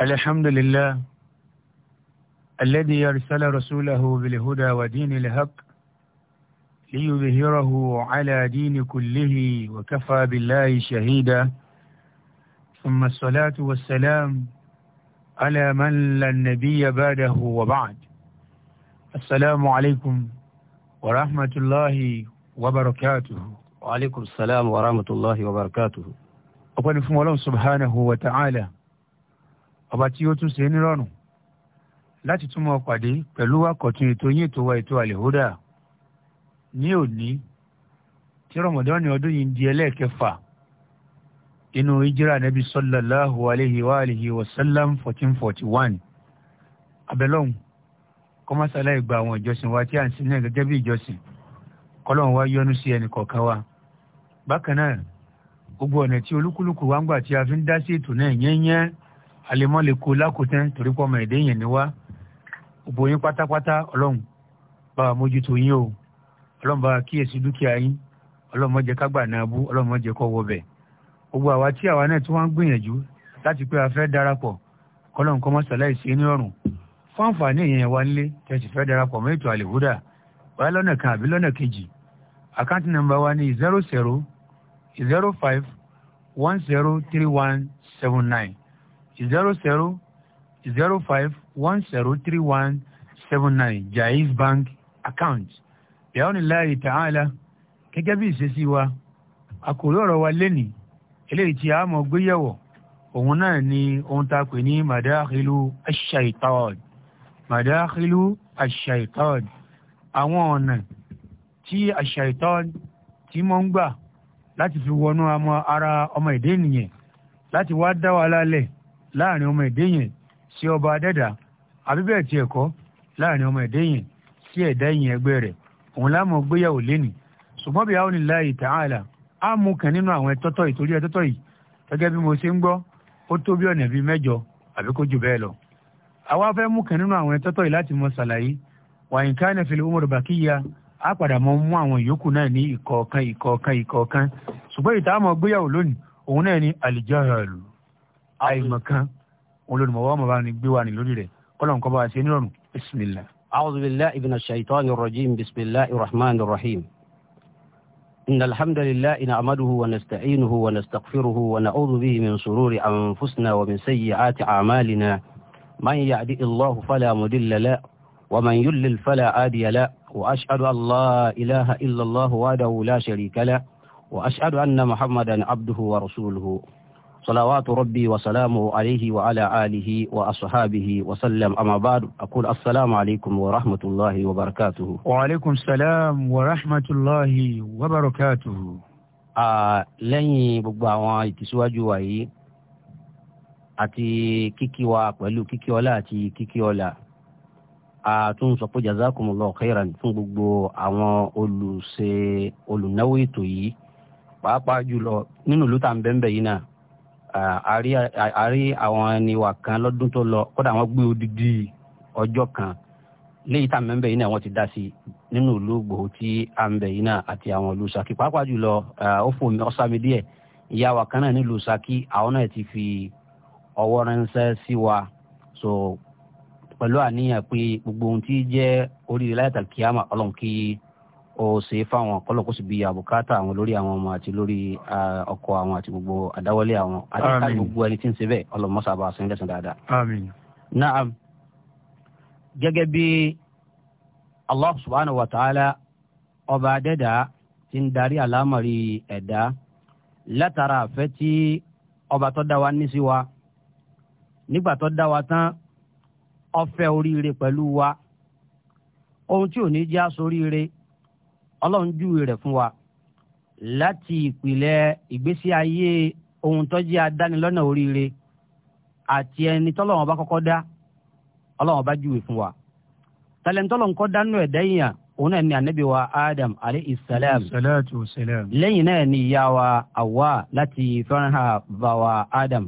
الحمد لله الذي يرسل رسوله بالهدى ودين الحق ليظهره على دين كله وكفى بالله شهيدا ثم الصلاة والسلام على من لا نبي بعده وبعد السلام عليكم ورحمة الله وبركاته وعليكم السلام ورحمة الله وبركاته أقول سبحانه وتعالى ọba tí ó tún ṣe nírọ̀rùn láti túmọ̀ pàdé pẹ̀lú àkọ́tún ètò yín ètò wa ètò àlèhódà ní òní tí rọmọdọ́nì ọdún yìí ń di ẹlẹ́ẹ̀kẹfà inú ìjírà nẹ́bí sallallahu alayhi wa alihi wa sallam fourteen forty one abẹ́lọ́hùn kọ́másálá ìgbà àwọn ìjọsìn wa tí à ń sin náà gẹ́gẹ́ bí ìjọsìn kọ́lọ́hún wa yọ́nú sí ẹnì kọ̀ọ̀kan wa bákan náà gbogbo ọ̀nà tí olúkúlùkù wa ń gbà tí a fi ń dá sí ètò náà yẹ́nyẹ́ àlèmọ́ le kó lákòótán torí pọ́ ọmọ ẹ̀dẹ́ yẹn ni wá òbò yín pátápátá ọlọ́run bá wa mójútó yín o ọlọ́run bá wa kíyèsí dúkìá yín ọlọ́run má jẹ́ ká gbà náà bú ọlọ́run má jẹ́ kó wọ bẹ̀ gbogbo àwa tí àwa náà tí wọ́n ń gbìyànjú láti pé a fẹ́ darapọ̀ kọ́lọ́n kọ́ mọ́sálàì sí ní ọ̀run fún àǹfààní èèyàn wa nílé tẹ̀sí fẹ́ darapọ̀ mọ́ ètò àlèhúdà wáyé lọ́nà kan àbí lọ́nà kejì àkáǹtì nàmbà wa ní zero zero zero five one zero three one seven nine zero zero zero five one zero three one seven nine jaiz bank account bihaunilayi ta'ala gẹ́gẹ́ bí ìṣesí wa àkòrí ọ̀rọ̀ wa lẹ́nìí eléyìí tí a mọ̀ gbéyẹ̀wò òun náà ni ohun tá a pè ní madakhilu ash-shaytan madakhilu ash-shaytan àwọn ọ̀nà tí ash tí mọ̀ ń gbà láti fi wọnú ara ọmọ ìdí ènìyàn láti wá dá wa lálẹ́ láàrin ọmọ èdè yẹn sí ọba adẹ́dà àbí bẹ́ẹ̀ tiẹ̀ kọ́ láàrin ọmọ èdè yẹn sí ẹ̀dá yẹn ẹgbẹ́ rẹ̀ òun láàmú gbéyàwó lẹ́nì ṣùgbọ́n bí àwọn ìlà ta'ala á mú kan nínú àwọn ẹtọ́tọ́ ìtorí ẹtọ́tọ́ yìí gẹ́gẹ́ bí mo ṣe ń gbọ́ ó tó bí ọ̀nà bíi mẹ́jọ àbí kó jù bẹ́ẹ̀ lọ. àwa fẹ́ mú kan nínú àwọn ẹtọ́tọ́ yìí láti mọ ṣàlàyé wàyín káyọ̀ fìlẹ̀ umar bakiya á padà mọ mú àwọn yòókù náà ní ìkọ̀ọ̀kan ìkọ̀ọ̀kan ìkọ̀ọ̀kan ṣùgbọ́n ìta àmọ́ lónìí òun náà ní àlìjáàlù àìmọ̀kan olùmọ̀wọ́ ọmọ bá ní gbé wa ní lórí rẹ̀ kọ́lọ̀ nǹkan bá wa ṣe nírọ̀rùn bisimilá. أعوذ بالله من الشيطان الرجيم بسم الله الرحمن الرحيم إن الحمد لله نعمده ونستعينه ونستغفره ونعوذ به من شرور أنفسنا ومن سيئات أعمالنا من يهدئ الله فلا مضل له ومن يلل فلا هادي له وأشهد أن لا إله إلا الله وحده لا شريك له وأشهد أن محمدا عبده ورسوله صلوات ربي وسلامه عليه وعلى آله وأصحابه وسلم أما بعد أقول السلام عليكم ورحمة الله وبركاته وعليكم السلام ورحمة الله وبركاته آه لن بقبع وانتسواجه وهي àti kíkí wa pẹ̀lú kíkí ọlá àti kíkí ọlá àtún sọ pé jazakumullahu khairan fún gbogbo àwọn olùṣe olùnáwó ètò yìí pàápàá jùlọ nínú ìlú tá à ń bẹ́ẹ̀ bẹ́ẹ̀ yìí náà àárí àwọn ẹniwà kan lọ́dún tó lọ kódà wọ́n gbé odidi ọjọ́ kan léyìí tá à ń bẹ́ẹ̀ bẹ́ẹ̀ yìí náà wọ́n ti dá sí nínú ìlú gbòó tí à ń bẹ́ẹ̀ yìí náà àti àwọn ìlú Ṣakí pàápàá jùlọ ó fò mí díẹ̀ ìyá wa kan náà nílùú Ṣakí àwọn náà ti fi ọwọ́ ránṣẹ́ sí wa so pẹ̀lú àníyàn pé gbogbo ohun tí jẹ́ oríire láyàtà kíámà ọlọ́run kí ó ṣe fáwọn kọ́lọ̀ kó sì bí àbùkátà àwọn lórí àwọn ọmọ àti lórí ọkọ àwọn àti gbogbo àdáwọlé àwọn àti ká gbogbo ẹni tí ń ṣe bẹ́ẹ̀ ọlọ́mọṣà bá sẹ́yìn lẹ́sìn dáadáa. àmín. gẹ́gẹ́ bí allah subhanahu wa ta'ala ọba adẹ́dà ti ń darí àlámọ̀rí ẹ̀dá látara àfẹ́ tí ọba tó dá wa ní sí wa nígbà tó dá wa tán ó oríire pẹ̀lú wa ohun tí ò ní jẹ́ aṣoríire ọlọ́run júwe rẹ̀ fún wa láti ìpìlẹ̀ ìgbésí ayé ohun tó adánilọ́nà oríire àti ẹni tọ́lọ́run bá kọ́kọ́ dá ọlọ́run bá júwe fún wa tẹlẹ̀ntọ́lọ́run kọ́ dánú ẹ̀dá èèyàn òun náà ni ànábì wa adam lẹ́yìn náà wa awa láti bá wa adam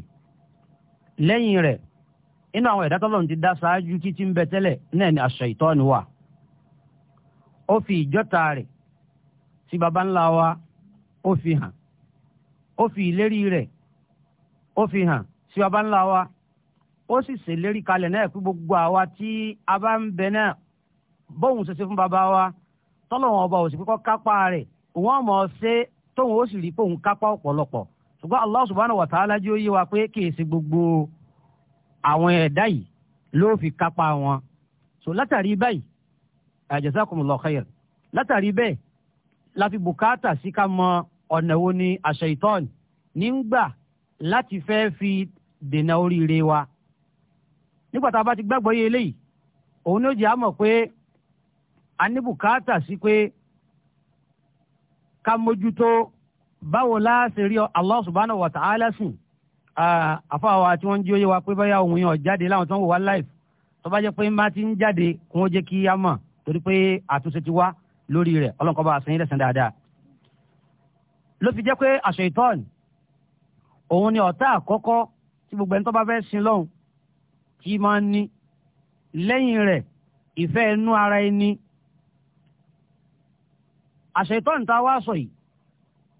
lẹ́yìn rẹ̀ inú àwọn ẹ̀dá tọ́lọ́run ti dá ṣáájú títí ń bẹ tẹ́lẹ̀ náà ni wà ó fi tí baba ńlá wa ó fi hàn ó fi ìlérí rẹ̀ ó fi hàn sí baba ńlá wa ó sì ṣèlérí kalẹ̀ náà pé gbogbo àwa tí a bá ń bẹ náà bóun ṣe ṣe fún baba wa tọ́lọ́wọ́n ọba òsì kíkọ́ kápá rẹ̀ òun àmọ́ ṣe tóun ó sì rí pé òun kápá ọ̀pọ̀lọpọ̀ ṣùgbọ́n Allah subhanahu wa ta'ala jẹ́ ó yé wa pé kì í ṣe gbogbo àwọn ẹ̀dá yìí ló fi kápá wọn so látàrí báyìí jazakumullahu khair látàrí bẹ́ẹ̀ láfi bùkátà sí ká mọ ọ̀nà wo ni àṣeyìtọ́ọ̀nì nígbà láti fẹ́ fi dènà oríire wa nígbà tá a bá ti gbàgbọ́ yé eléyìí òun ló jẹ́ àmọ̀ pé a ní bùkátà sí pé ká mójútó báwo la ṣe rí Allah subhanahu wa ta'ala sùn àfọwọ́ tí wọ́n ń jí oyé wa pé báyà òun yàn jáde láwọn tó ń wò wá live tó bá jẹ́ pé má ti ń jáde kó wọ́n jẹ́ kí á mọ̀ torí pé àtúnṣe ti wá lórí rẹ̀ ọlọ́nkọ́ bá a sẹ́yìn lẹ́sẹ̀ dáadáa ló fi jẹ́ pé àṣọ ìtọ́n òun ni ọ̀tá àkọ́kọ́ tí gbogbo ẹni tó bá fẹ́ sin lọ́hùn kí máa ń ní lẹ́yìn rẹ̀ ìfẹ́ inú ara ẹni àṣẹ ìtọ́n tá a wá sọ yìí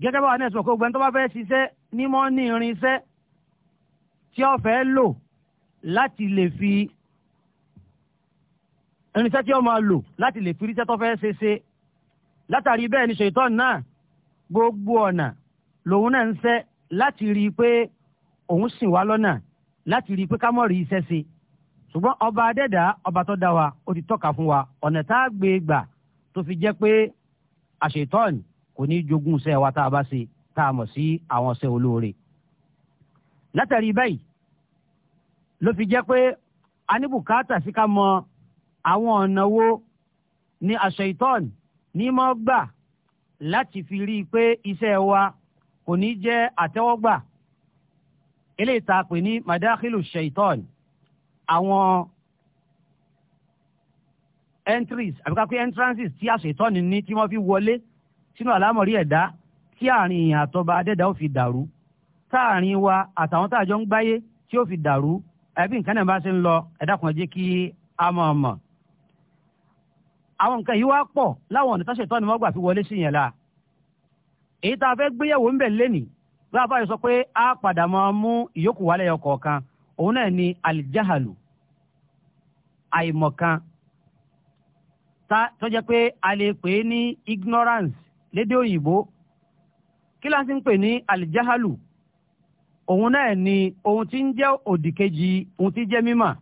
gẹ́gẹ́ bá wà ní ẹ̀sùn pé gbogbo ẹni tó bá fẹ́ ṣiṣẹ́ ní mọ́ ní irinṣẹ́ tí ó fẹ́ lò láti lè fi irinṣẹ́ tí ó máa lò láti lè fi irinṣẹ́ tó fẹ́ ṣe ṣe látàrí bẹ́ẹ̀ ni ṣètọ́ náà gbogbo ọ̀nà lòun náà ń ṣẹ́ láti rí i pé òun sìn wá lọ́nà láti rí i pé ká mọ̀ rí iṣẹ́ sí i ṣùgbọ́n ọba adẹ́dà ọba tó dá wa ó ti tọ́ka fún wa ọ̀nà tá a gbé gbà tó fi jẹ́ pé àṣetọ́ọ̀nì kò ní jogún iṣẹ́ wa tá a bá ṣe tá a mọ̀ sí àwọn iṣẹ́ olóore látàrí bẹ́ẹ̀ ló fi jẹ́ pé a ní bùkátà sí ká mọ àwọn ọ̀nà wo ni àṣetọ́ọ̀nì ní mọ́ gbà láti fi rí i pé iṣẹ́ wa kò ní jẹ́ àtẹ́wọ́gbà eléyìí tá pè ní madakhilu shaitan àwọn entries àbíkápẹ́ entrances tí a ṣètọ́ ni ní tí wọ́n fi wọlé sínú àlámọ̀rí ẹ̀dá tí àárín ìyìn àtọba adẹ́dá ó fi dàrú táàrin wa àtàwọn tá a jọ ń gbáyé tí ó fi dàrú ẹbí nǹkan náà bá ṣe ń lọ ẹ̀dá kan jẹ́ kí a mọ̀ ọ̀mọ̀ àwọn nǹkan yìí wá pọ̀ láwọn ọ̀nà táṣetọ́ ni wọ́n gbà fi wọlé sí yẹn la èyí tá a fẹ́ gbéyàwó ń bẹ̀ lẹ́nìí bí a bá sọ pé a padà máa mú ìyókù wálé ọkọ̀ kan òun náà ni alijahalu àìmọ̀kan tó jẹ́ pé a lè pè é ní ignorance lédè òyìnbó kí ń pè ní alijahalu òun náà ni ohun tí ń jẹ́ òdìkejì ohun tí jẹ́ mímọ̀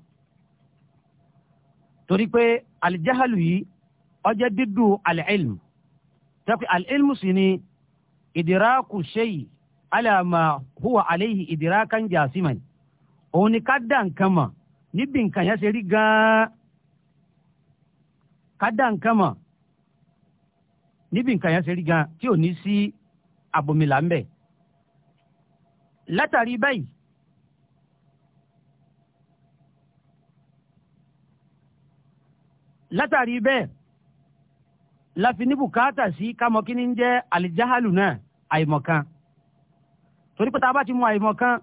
torí pé alijahalu yìí ọjẹ́ dídú alẹ́ẹ̀lmù tẹ́kù alẹ́ẹ̀lmù sì ni ìdíráàkù ṣẹ́yì alàmà hùwà àlẹ́yìí ìdíráàkàn jàásímàn òun ni ká dá nǹkan mọ̀ níbi nǹkan yẹn ṣe rí gan-an ká dá nǹkan mọ̀ níbi nǹkan yẹn ṣe rí gan-an tí ò ní sí àbòmìlà ń bẹ̀ látàrí báyìí. látàrí bẹ́ẹ̀ láfi ní bùkátà sí kámọ kí ní jẹ́ àlìjáhálù náà àìmọ̀kan torí pé tá a bá ti mọ àìmọ̀kan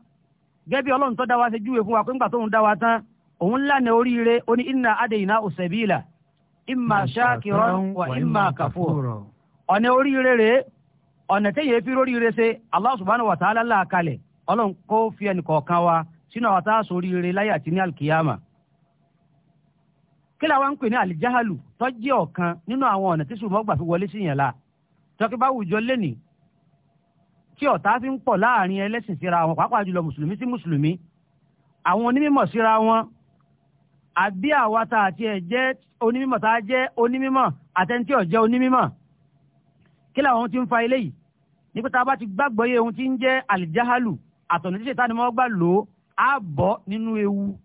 gẹ́gẹ́ bí ọlọ́run tó dá wa ṣe júwe fún wa pé nígbà tóun dá wa tán òun lánàá oríire ó ní inna adéyìnà òsèbíìlà imma shakiran wa imma kafura ọ̀nà oríire rèé ọ̀nà tẹ́yẹ fi róríire ṣe Allah subhanahu wa ta'ala là kalẹ̀ ọlọ́run kó fi ẹnì kọ̀ọ̀kan wa sínú àwọn tá a sọ oríire láyé àti alkiyama kí la wá ń pè ní àlìjáhàlù tó jẹ́ ọ̀kan nínú àwọn ọ̀nà tí ṣùgbọ́n gbà fi wọlé sí yẹn la tọ́kí bá wùjọ lẹ́nìí tí ọ̀tá fi ń pọ̀ láàrin ẹlẹ́sìn síra wọn pàápàá jùlọ mùsùlùmí sí mùsùlùmí àwọn onímọ̀ síra wọn àbí àwa tá àti ẹ̀ jẹ́ onímọ̀ tá a jẹ́ onímọ̀ àtẹ̀ntí ọ̀ jẹ́ onímọ̀ kí làwọn ti ń fa eléyìí nípa tá a bá ti gbàgbọ́ yé ohun tí ń jẹ́ àlìjáhálù àtọ̀nà tí ṣètánimọ́ gbà lò ó á bọ́ nínú ewu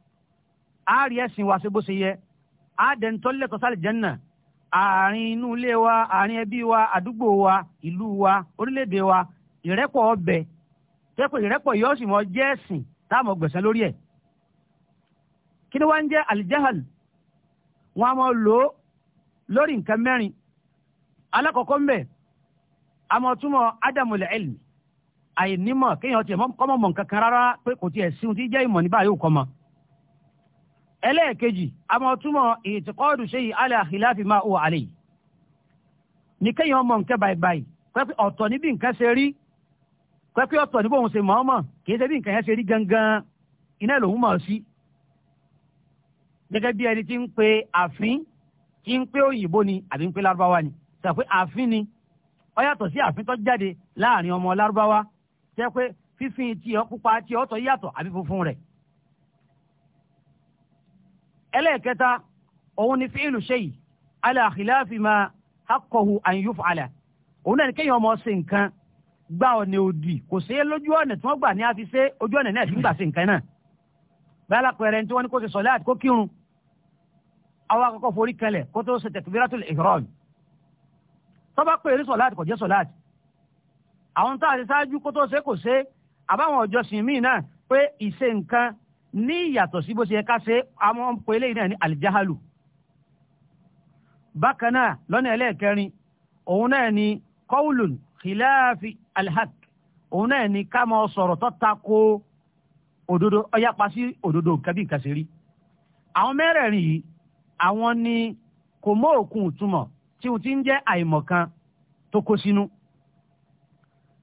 á ẹ̀sìn wa ṣe bó ṣe yẹ àádẹ́ntọ́lẹ̀ tọ́sálì jẹ́nà àárín inú ilé wa àárín ẹbí wa àdúgbò wa ìlú wa orílẹ̀-èdè wa ìrẹ́pọ̀ ọbẹ̀ tẹ́pọ̀ ìrẹ́pọ̀ yóò sì mọ jẹ́ ẹ̀sìn táàmù ọgbẹ̀sán lórí ẹ̀ kí ni wọ́n ń jẹ́ alijahal wọn a máa lò ó lórí nǹkan mẹ́rin alákọ̀ọ́kọ́ mbẹ́ a máa túmọ̀ ádámù ilmi àìnímọ̀ kéèyàn tiẹ̀ kọ́mọ̀ mọ̀ nǹkan kan rárá pé kò tiẹ̀ sí ohun tí jẹ́ ìmọ̀ níbà yóò kọ́ mọ́ ẹlẹ́ẹ̀kejì a máa túmọ̀ ìtìkọ́ọ̀dù ṣe yìí ala khilafi ma huwa alayhi ní kéèyàn mọ̀ nǹkan báyìí báyìí pẹ́pẹ́ ọ̀tọ̀ níbi nǹkan ṣe rí pẹ́pẹ́ ọ̀tọ̀ níbi òun ṣe mọ̀ ọ́mọ̀ kìí ṣe bí nǹkan yẹn ṣe rí gangan iná lòun mọ̀ sí. gẹ́gẹ́ bí ẹni tí ń pe àfín tí ń pe òyìnbó ni àbí ń pe lárúbáwá ni sọ pé àfín ni ó yàtọ̀ sí àfín tó jáde láàrin ọmọ lárúbáwá tẹ́ pé fífín tiẹ̀ pupa tiẹ̀ ọ̀tọ̀ yàtọ̀ àbí funfun rẹ̀ ẹlẹ́ẹ̀kẹta òun ni fíìlù ṣéyì ala khilafi ma haqqahu an yuf'ala òun náà ni kéèyàn ọmọ ṣe nǹkan gba ọ̀nà òdì kò sí lójú ọ̀nà tí wọ́n gbà ní àfi ṣe ojú ọ̀nà náà ti ń gbà ṣe nǹkan náà bẹ́ẹ̀ alápẹ̀rẹ̀ tí wọ́n ní kó ṣe sọ̀lá àti kó kírun àwọn akọ́kọ́ forí kanlẹ̀ kó tó ṣe takbiratul ihram ní ìyàtọ̀ sí bó ṣe ká ṣe àwọn ọmọ eléyìí náà ní alijahalu bákan náà lọ́nà ẹlẹ́ẹ̀kẹrin òun náà ni kọ́wùlùn kìláàfi alhak, òun náà ni ká máa sọ̀rọ̀ tó ta ko òdodo ọyápa sí òdodo nǹkan bí àwọn mẹ́rẹ̀ẹ̀rin yìí àwọn ni kò mọ òkun ìtumọ̀ tí wọ́n ti ń jẹ́ àìmọ̀kan tó kó sínú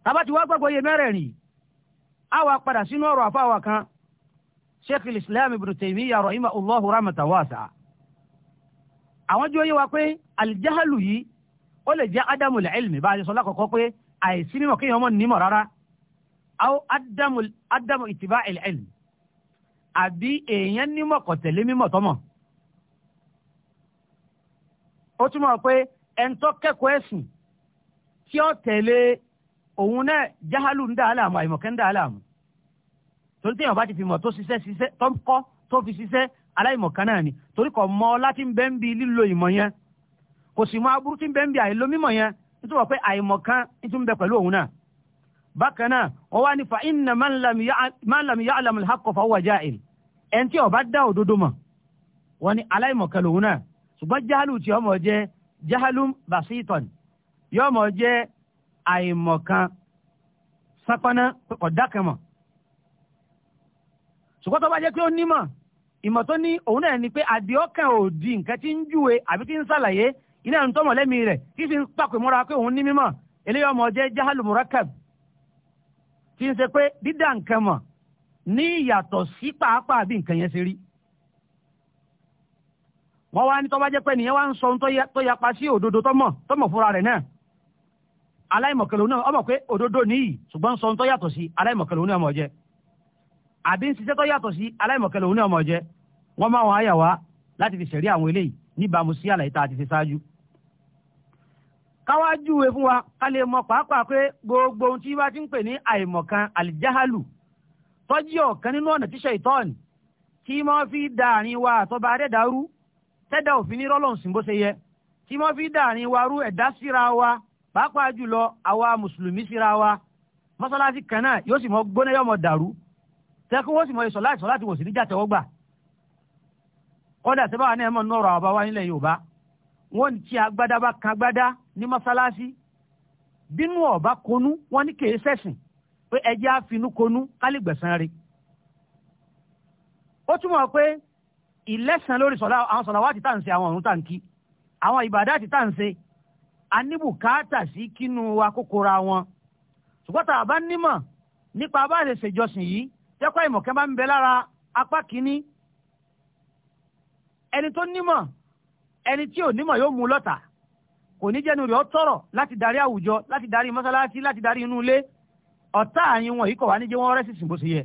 tàbá ti wá gbàgbọ́ iye mẹ́rẹ̀ẹ̀rin yìí á wà padà sínú ọ̀rọ̀ àfáwà kan sheikh islam ibn taymiya rahimahullahu rahmatan wasi'a àwọn jẹ́ oyé wa pé alijahalu yìí ó lè jẹ́ adamu ilmi bá a ṣe sọ lákọ̀ọ́kọ́ pé àìsí mímọ̀ kí èèyàn mọ̀ nímọ̀ rárá aw adamu adamu ìtìbá ilmi àbí èèyàn nímọ̀ kò tẹ̀lé mímọ̀ tọ́mọ̀ ó túmọ̀ pé ẹ̀ńtọ́ kẹ́kọ̀ọ́ ẹ̀sìn tí ó tẹ̀lé òun náà jahalu ń dà á láàmú àìmọ̀kẹ́ ń dà á láàmú torí téèyàn bá ti fi mọ̀ tó ṣiṣẹ́ ṣiṣẹ́ tó ń kọ́ tó fi ṣiṣẹ́ aláìmọ̀ kan náà ni torí kò mọ láti ń bẹ́ ń bi lílo ìmọ̀ yẹn kò sì mọ aburú tí ń bẹ́ ń bi àìlo mímọ̀ yẹn nítorí wọ́n pé àìmọ̀ kan ti ń bẹ pẹ̀lú òun náà bákan náà wọ́n wá ní fa inna man lam ya'lam al-haqqa fa huwa jahil ẹni tí ó dá òdodo mọ̀ wọ́n ní aláìmọ̀ kan lòun náà ṣùgbọ́n jahalu tí ọmọ jẹ́ jahalu basiton yọmọ jẹ́ àìmọ̀ kan sápáná ọ̀dá kan mọ̀ ṣùgbọ́n tó bá jẹ́ pé ó nímọ̀ ìmọ̀ tó ní òun náà ni pé àdìọ́kàn ò di nǹkan tí ń júwe àbí tí ń ṣàlàyé iná ń tọ́mọ̀ lẹ́mìí rẹ̀ tí fi ń pàpè mọ́ra pé òun ní mímọ̀ eléyìí ọmọ jẹ́ jahalu murakab tí ń ṣe pé dídá nǹkan mọ̀ ní ìyàtọ̀ sí pàápàá bí nǹkan yẹn ṣe rí. wọ́n wá ní tó bá jẹ́ pé nìyẹn wá ń sọ ohun tó yapa sí òdodo tọ́mọ̀ tọ́mọ̀ fúnra rẹ̀ náà aláìmọ̀kẹ́lẹ́ òun ọmọ pé òdodo nìyí ṣùgbọ́n sọ ohun tó yàtọ̀ sí aláìmọ̀kẹ́lẹ́ òun náà jẹ́ àbí ń ṣiṣẹ́ tó yàtọ̀ sí aláìmọ̀kẹ́lẹ̀ òun ní ọmọ jẹ́ wọ́n máa wọn àyà wá láti fi ṣẹ̀rí àwọn eléyìí níbàámu sí àlàyé tá a ti ṣe ṣáájú. káwá júwe fún wa ká lè mọ pàápàá pé gbogbo ohun tí wá ti ń pè ní àìmọ̀kan àlìjáhálù tọ́jú ọ̀kan nínú ọ̀nà tíṣe ìtọ́ọ̀nì tí máa fi dàárín wa àtọ́ba adẹ́dàrú tẹ́dà òfin ní rọ́lọ́n sìn bó ṣe yẹ tí máa fi dàárín wa rú wa pàápàá jùlọ àwa mùsùlùmí síra wa tẹ́kọ̀ wọ́n sì mọ ìsọ̀ láìsọ̀ láti wò sí níjà tẹ́wọ́ gbà kọ́dà sẹ́bà wà ní ẹ̀mọ́ nọ́ọ̀rọ̀ àwọn bàbá nílẹ̀ Yorùbá wọ́n ti agbádá bá kan agbádá ní mọ́sálásí bínú ọ̀bá konú wọ́n ní kèé sẹ̀sìn pé ẹjẹ́ àfinú konú kálígbẹ̀sán rí ó túmọ̀ pé ìlẹ́sàn lórí sọ̀lá àwọn sọ̀lá wá ti tà ń ṣe àwọn ọ̀run tà àwọn ìbàdá ti tà aníbùkátà sí kínú akókora wọn ṣùgbọ́n tá nímọ̀ nípa bá lè ṣèjọsìn yìí jẹ́kọ́ ìmọ̀kẹ́ bá ń bẹ lára apá kínní ẹni tó nímọ̀ ẹni tí ò nímọ̀ yóò mú lọ́tà kò ní jẹ́nu rẹ̀ ọ́ tọ̀rọ̀ láti darí àwùjọ láti darí mọ́sálásí láti darí inú ilé ọ̀tá àyìn wọn yìí kọ̀ wá ní jẹ́ wọ́n rẹ́ sísìn bó ṣe yẹ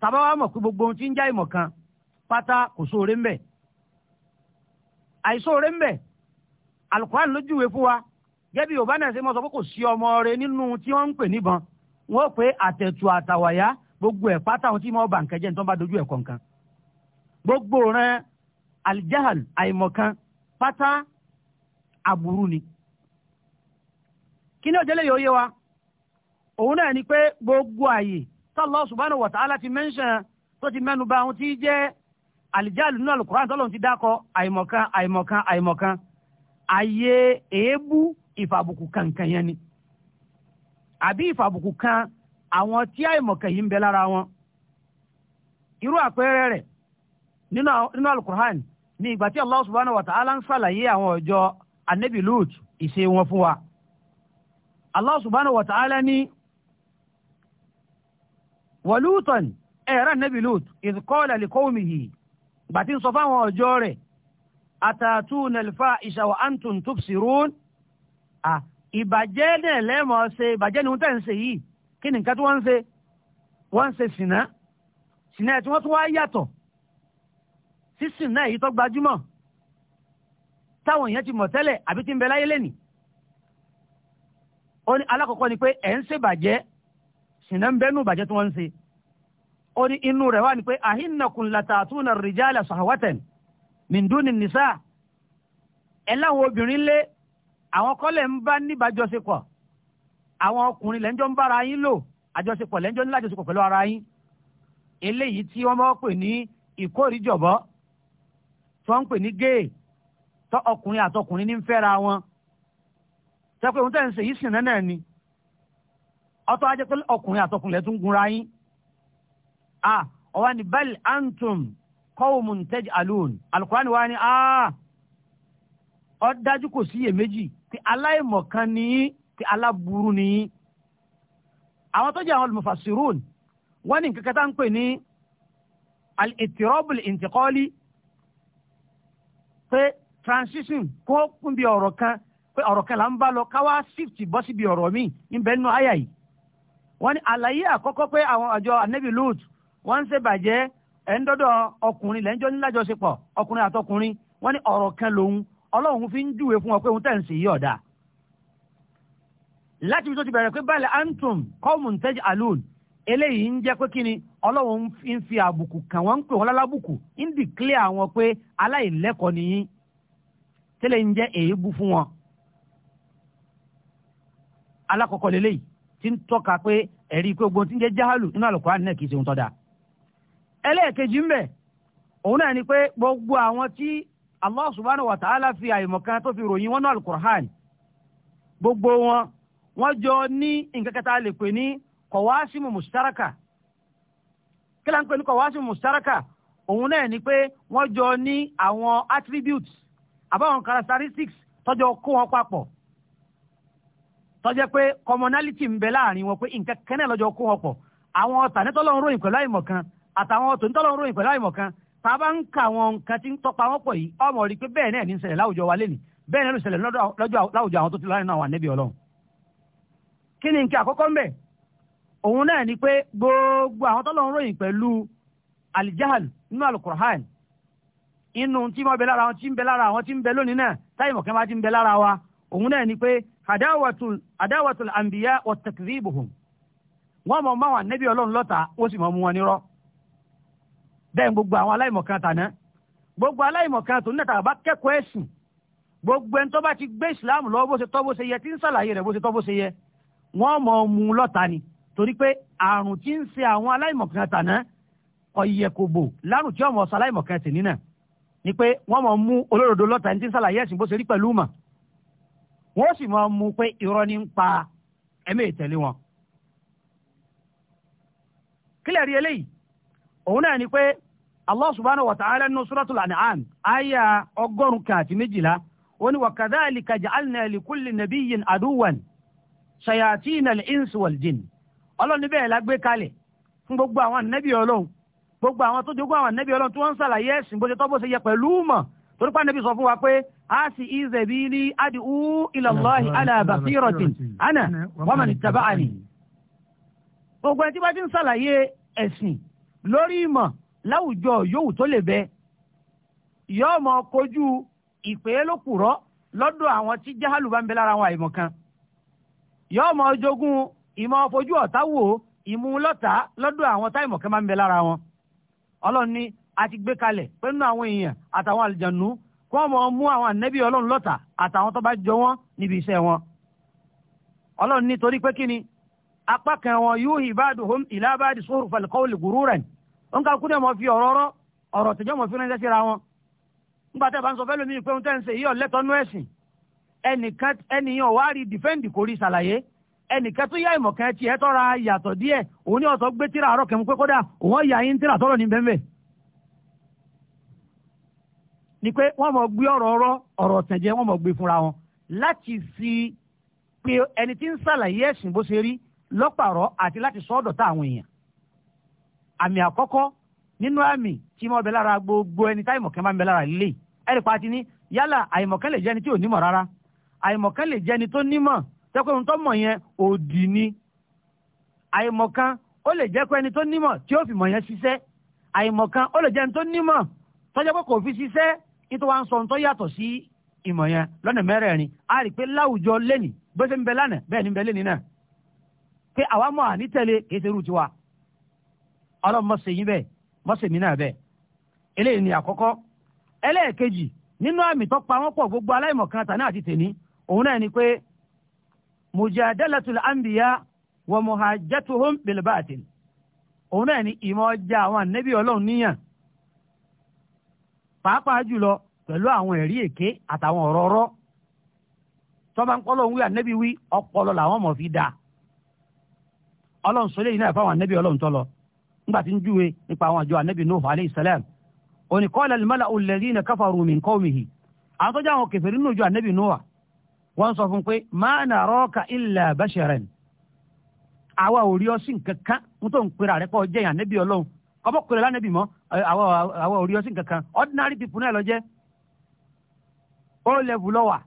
tàbá wa mọ̀ pé gbogbo ohun tí ń já ìmọ̀ kan pátá kò sóore ń bẹ àìsóore ń bẹ alukuran lójúwe fún wa gẹ́bí yorùbá náà ṣe mọ́ sọ pé kò sí ọmọ rẹ nínú tí wọ́n ń pè níbọn wọ́n pé àtẹ̀tù àtàwàyá gbogbo ẹ̀ pátá tí mo bá nǹkan jẹ́ nítorí wọ́n bá dojú ẹ̀ kọ̀ọ̀kan gbogbo rẹ̀ alijahal àìmọ̀kan pátá aburú ni. kí ni òjẹ́lẹ̀ yóò yé wa òun náà ni pé gbogbo àyè tí Allah subhanahu wa ta'ala tó ti mẹ́nu bà ohun tí jẹ́ alijahal nínú Al-Qur'an tọ́lọ́hun ti dákọ̀ àìmọ̀kan àìmọ̀kan àìmọ̀kan àyè èébú ìfàbùkù kankan yẹn ni àbí ìfàbùkù kan àwọn tí àìmọ̀kẹ́ yìí ń bẹ lára wọn irú àpẹẹrẹ rẹ̀ nínú alukur'an ní ìgbà tí allah subhanahu wa ta'ala ń ṣàlàyé àwọn ọjọ́ anabi lut ìṣe wọn fún wa allah subhanahu wa ta'ala ní wàlúùtàn ẹ̀rọ anabi lut ìkọ́lá likọ́wùmìhì gbàtí ń sọ fáwọn ọjọ́ rẹ̀ àtàtúnà ìṣàwọ̀ antum tubsirun ìbàjẹ́ náà lẹ́mọ̀ ṣe ìbàjẹ́ ni wọ́n tẹ̀ ń ṣe yìí kí ni nǹkan tí wọ́n ń ṣe wọ́n ń ṣe sìnà sìnà ẹ̀ tí wọ́n tún wá yàtọ̀ sí sìnà èyí tó gbajúmọ̀ táwọn èèyàn ti mọ̀ tẹ́lẹ̀ àbí ti ń bẹ láyé lẹ́nì alákọ̀ọ́kọ́ ni pé ẹ̀ ń ṣèbàjẹ́ sìnà ń bẹ́nu ìbàjẹ́ tí wọ́n ń ṣe ó ní inú rẹ̀ wá ni pé àhínnàkùn làtàtúnà rìjálà sàhàwátẹ̀ mìndúnì nìsá ẹ̀ láwọn obìnrin lé àwọn kọ́lẹ̀ ń bá níbàjọṣepọ̀ àwọn ọkùnrin lẹ́njọ́ ń bára yín lò àjọṣepọ̀ lẹ́njọ́ ńlá àjọṣepọ̀ pẹ̀lú ara yín eléyìí tí wọ́n máa pè ní ìkórìjọ̀bọ́ tí wọ́n ń pè ní géè tọ́ ọkùnrin àtọkùnrin ní ń fẹ́ra wọn tẹ́ pé òun tẹ̀ ń ṣe yìí sìn náà ni ọtọ́ ajẹ́ pé ọkùnrin àtọkùnrin lẹ́tún gunra yín a ọwọ́ ni bal antum qawmun taj'alun alukura ni wọ́n á ní a ọ dájú kò sí iyèméjì ti aláìmọ̀kan ni yín ti aláburú ni yín àwọn tó jẹ́ àwọn olùmọ̀fàṣirún wọ́n ní kankan tá ń pè ní al-itirabul intiqali pé transition kó kún bí ọ̀rọ̀ kan pé ọ̀rọ̀ kan là ń bá lọ káwá shift bọ́ síbi ọ̀rọ̀ míì níbẹ̀ nínú àyà yìí wọ́n ní àlàyé àkọ́kọ́ pé àwọn àjọ anabi lut wọ́n ń ṣèbàjẹ́ ẹ̀ ń dọ́dọ̀ ọkùnrin lẹ́ńjọ́ nílájọṣepọ̀ ọkùnrin àtọkùnrin wọ́n ní ọ̀rọ̀ kan lòun ọlọ́run fi ń júwe fún ọ pé òun tẹ̀sí yí ọ̀dà láti ibi tó ti bẹ̀rẹ̀ pé báyìí antum kọ́ọ̀mù ntẹ́jì alone eléyìí ń jẹ́ pé kí ni ọlọ́run ń fi àbùkù kàn wọ́n ń pè wọ́n lálábùkù ń dìklẹ́ àwọn pé aláìlẹ́kọ̀ọ́ nìyí tẹ́lẹ̀ ń jẹ́ èébú fún wọn. alákọ̀ọ́kọ́ lélẹ́yìí ti ń tọ́ka pé ẹ̀rí pé ogun ti ń jẹ́ jahalu nínú àlùkò náà kì í ṣe ohun tó ẹlẹ́ẹ̀kejì ń bẹ òun náà ni pé gbogbo àwọn tí allah subhanahu wa ta'ala fi àyèmọ̀kan tó fi ròyìn wọn náà alukur'an gbogbo wọn wọn jọ ní nǹkan kẹta lè pè ní kọ̀wáṣímù mustaraka kí la ń pè ní kọ̀wáṣímù mustaraka òun náà ni pé wọ́n jọ ní àwọn attributes àbáwọn characteristics tọ́jọ kó wọn papọ̀ tọ́jẹ́ pé commonality ń bẹ láàrin wọn pé nǹkan kẹ́nẹ́ lọ́jọ́ kó wọn pọ̀ àwọn ọ̀tà nítọ́lọ́run ròyìn pẹ̀lú àìmọ̀kan àtàwọn ọ̀tò nítọ́lọ́run ròyìn pẹ̀lú àìmọ̀kan tá a bá ń ka àwọn nǹkan tí ń tọpa wọn pọ̀ yìí ọmọ rí i pé bẹ́ẹ̀ náà ní ṣẹlẹ̀ láwùjọ wa lẹ́nu bẹ́ẹ̀ náà ló ṣẹlẹ̀ láwùjọ àwọn tó ti láàrin àwọn ànẹ́bí ọlọ́run kí ni nǹkan àkọ́kọ́ ń bẹ̀ òun náà ni pé gbogbo àwọn tọ́lọ́run ròyìn pẹ̀lú alijahal nínú alukur'an inú tí mo bẹ lára àwọn tí ń bẹ lára àwọn tí ń bẹ lónìí náà táyì mọ̀kẹ́ bá ti ń bẹ lára wa òun náà ni pé adawatul adawatul anbiya wa takdhibuhum wọ́n mọ̀ máwọn ànẹ́bí ọlọ́run lọ́ta ó sì mọ̀ mú wọn nírọ́ bẹ́ẹ̀ gbogbo àwọn aláìmọ̀kan tàná gbogbo aláìmọ̀kan tó níta bá kẹ́kọ̀ọ́ ẹ̀sìn gbogbo ẹni tó bá ti gbé islam lọ bó ṣe tọ́ bó ṣe yẹ tí ń ṣàlàyé rẹ̀ bó ṣe tọ́ bó ṣe yẹ wọ́n mọ̀ ọ́ mú un lọ́ta ni torí pé àrùn tí ń ṣe àwọn aláìmọ̀kan tàná ọ̀yẹ̀ kò bò lárùn tí ọmọ ṣàláìmọ̀kan tì nínà ni pé wọ́n mọ̀ mú olódodo lọ́ta ẹni tí ń ṣàlàyé ẹ̀sìn bó ṣe rí pẹ̀lú mà wọ́n sì mọ̀ mú pé irọ́ ní ń pa ẹ̀mí ìtẹ̀lé wọn. kílẹ̀ rí eléyìí òun náà ni pé allah subhanahu wa ta'ala nínú suratul an'am àyà ọgọ́rùn-ún kan àti méjìlá ó ní wa kadhalika ja'alna likulli nabiyyin aduwan shayatina al-insi wal jinn ọlọ́run níbẹ̀ la gbé kalẹ̀ fún gbogbo àwọn ànábì ọlọ́run gbogbo àwọn tó jogún àwọn ànábì ọlọ́run tí wọ́n ń sàlàyé ẹ̀sìn bó ṣe yẹ pẹ̀lú mọ̀ torí pé ànábì sọ fún wa pé asi izabili adi'u ila Allahi ala basiratin ana wa man ittaba'ani. gbogbo ẹni tí bá ti ń sàlàyé ẹ̀sìn lórí ìmọ̀ láwùjọ yòówù tó lè bẹ yóò mọ kojú ìpèélókùrọ́ lọ́dọ̀ àwọn tí jahalu bá ń bẹ lára àwọn àìmọ̀ kan yóò mọ jogún ìmọ̀ fojú ọ̀tá wò ìmú lọ́tà lọ́dọ̀ àwọn táìmọ̀ kan bá ń bẹ lára wọn ọlọ́run ní a ti gbé kalẹ̀ pé nínú àwọn èèyàn àtàwọn àlùjànnú kí wọ́n mọ mú àwọn ànẹ́bí ọlọ́run lọ́tà àtàwọn tó bá jọ wọ́n níbi iṣẹ́ wọn ọlọ́run ní torí pé kíni apá kan wọn yuhi ba'duhum ila ba'di zuhrufal qawli ghururan ni wọn kà kúndé mọ fi ọrọ ọ̀rọ̀ ọ̀rọ̀ tẹjọ mọ fi ránṣẹ́ síra wọn nígbà tẹ fẹlẹ mi pé ń tẹ ń ṣe yíyọ ẹsìn ẹnìkan ẹnìyàn wá rí dìfẹ́ǹdì kò rí ṣàlàyé ẹnìkan tó yá ìmọ̀ kan tiẹ̀ tọ́ra yàtọ̀ díẹ̀ òun ní ọ̀sọ́ gbé tíra àárọ̀ kẹ́mu pé kódà òun yà yín tíra tọ́rọ̀ ní bẹ́ẹ̀ ni pé wọ́n mọ̀ gbé ọ̀rọ̀ ọ̀rọ̀ ọ̀rọ̀ tẹ̀jẹ̀ wọ́n mọ̀ gbé fúnra wọn láti àmì àkọ́kọ́ nínú àmì tí mo bẹ lára gbogbo ẹni tá ìmọ̀kẹ́ máa ń bẹ lára lílé ẹ̀rì pa ti ní yálà àìmọ̀kẹ́ lè jẹni tí ò nímọ̀ rárá àìmọ̀kẹ́ lè jẹni tó nímọ̀ tẹ́kọ̀ tó mọ̀ yẹn òdì ni àìmọ̀kan ó lè jẹ́ pé ẹni tó nímọ̀ tí ó fi mọ̀ yẹn ṣiṣẹ́ àìmọ̀kan ó lè jẹni tó nímọ̀ tọ́jọ́ pé kò fi ṣiṣẹ́ nítorí wọn sọ ohun tó yàtọ̀ sí ìmọ̀ yẹn lọ́nà mẹ́rẹ̀ẹ̀rin a rí pé láwùjọ lẹ́nìí bó ṣe ń bẹ lánàá bẹ́ẹ̀ ni ń bẹ lẹ́nìí náà pé àwa mọ̀ àní tẹ̀lé kì í ṣe irú tiwa ọlọ́run mọ̀sẹ̀ yín bẹ́ẹ̀ mọ̀sẹ̀ mí náà bẹ́ẹ̀ eléyìí ni àkọ́kọ́ ẹlẹ́ẹ̀kejì nínú àmì tó pa wọ́n pọ̀ gbogbo aláìmọ̀kan tàní àti tèní òun náà ni pé anbiya òun náà ni ìmọ̀ ọjà àwọn ànẹ́bí ọlọ́run níyàn pàápàá jùlọ pẹ̀lú àwọn ẹ̀rí èké àtàwọn ọ̀rọ̀ ọ̀rọ̀ tọ́ba ń kọ́lọ́ wí ànẹ́bí wí ọpọlọ làwọn mọ̀ fi dà ọlọ́run sọ nígbà tí ń júwe nípa àwọn àjọ anabi nuhu alayhi salam òní qala al-mala'u alladhina kafaru min qawmihi àwọn tó jẹ́ àwọn kèfèrí nínú ìjọ anabi nuhu wọ́n sọ fún pé ma naraka illa basharan àwa ò rí ọ sí nǹkan tó ń pera rẹ pọ̀ jẹ́ yàn ọlọ́run ọmọ kúrẹ́ lánàbì mọ́ àwa ò rí ọ sí ordinary people náà lọ ó lẹ́bù lọ́wà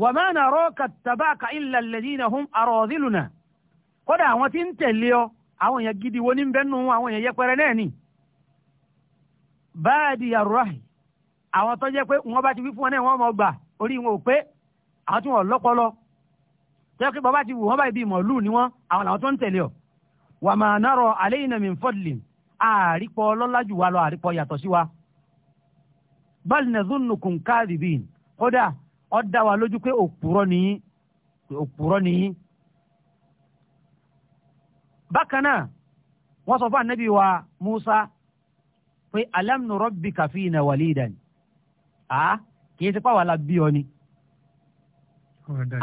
wà máa nà rọ́ọ̀kà tàbáàkà ilẹ̀ lẹ́yìn náà hum àrọ̀ọ́dìlùnà kódà àwọn tí ń tẹ̀lé ọ àwọn èèyàn gidi wo ní bẹ́ẹ̀ nù àwọn èèyàn yẹpẹrẹ náà nì báàdì àrùráì àwọn tó jẹ́ pé wọ́n bá ti wí fún wọn náà wọ́n mọ̀ gbà orí wọn ò pé àwọn tí wọ́n lọ́pọlọ tó yẹ kí bàbá ti wù wọ́n báyìí bíi mọ̀lú ni wọ́n àwọn làwọn tó ń tẹ̀lé ọ wà máa nárọ̀ alẹ́ ìnà mi fọ́dìlì àrípọ̀ lọ́lá jù wá lọ àrípọ̀ yàtọ̀ sí wa bal nadhunnukum kadhibin kódà ó dá wa lójú pé òpùrọ́ nìyí òpùrọ́ nìyí bákan náà wọ́n sọ fún anabi wa musa pé alam nu rabbika fina walidan a kì í ti pa wàhálà bí ọ ni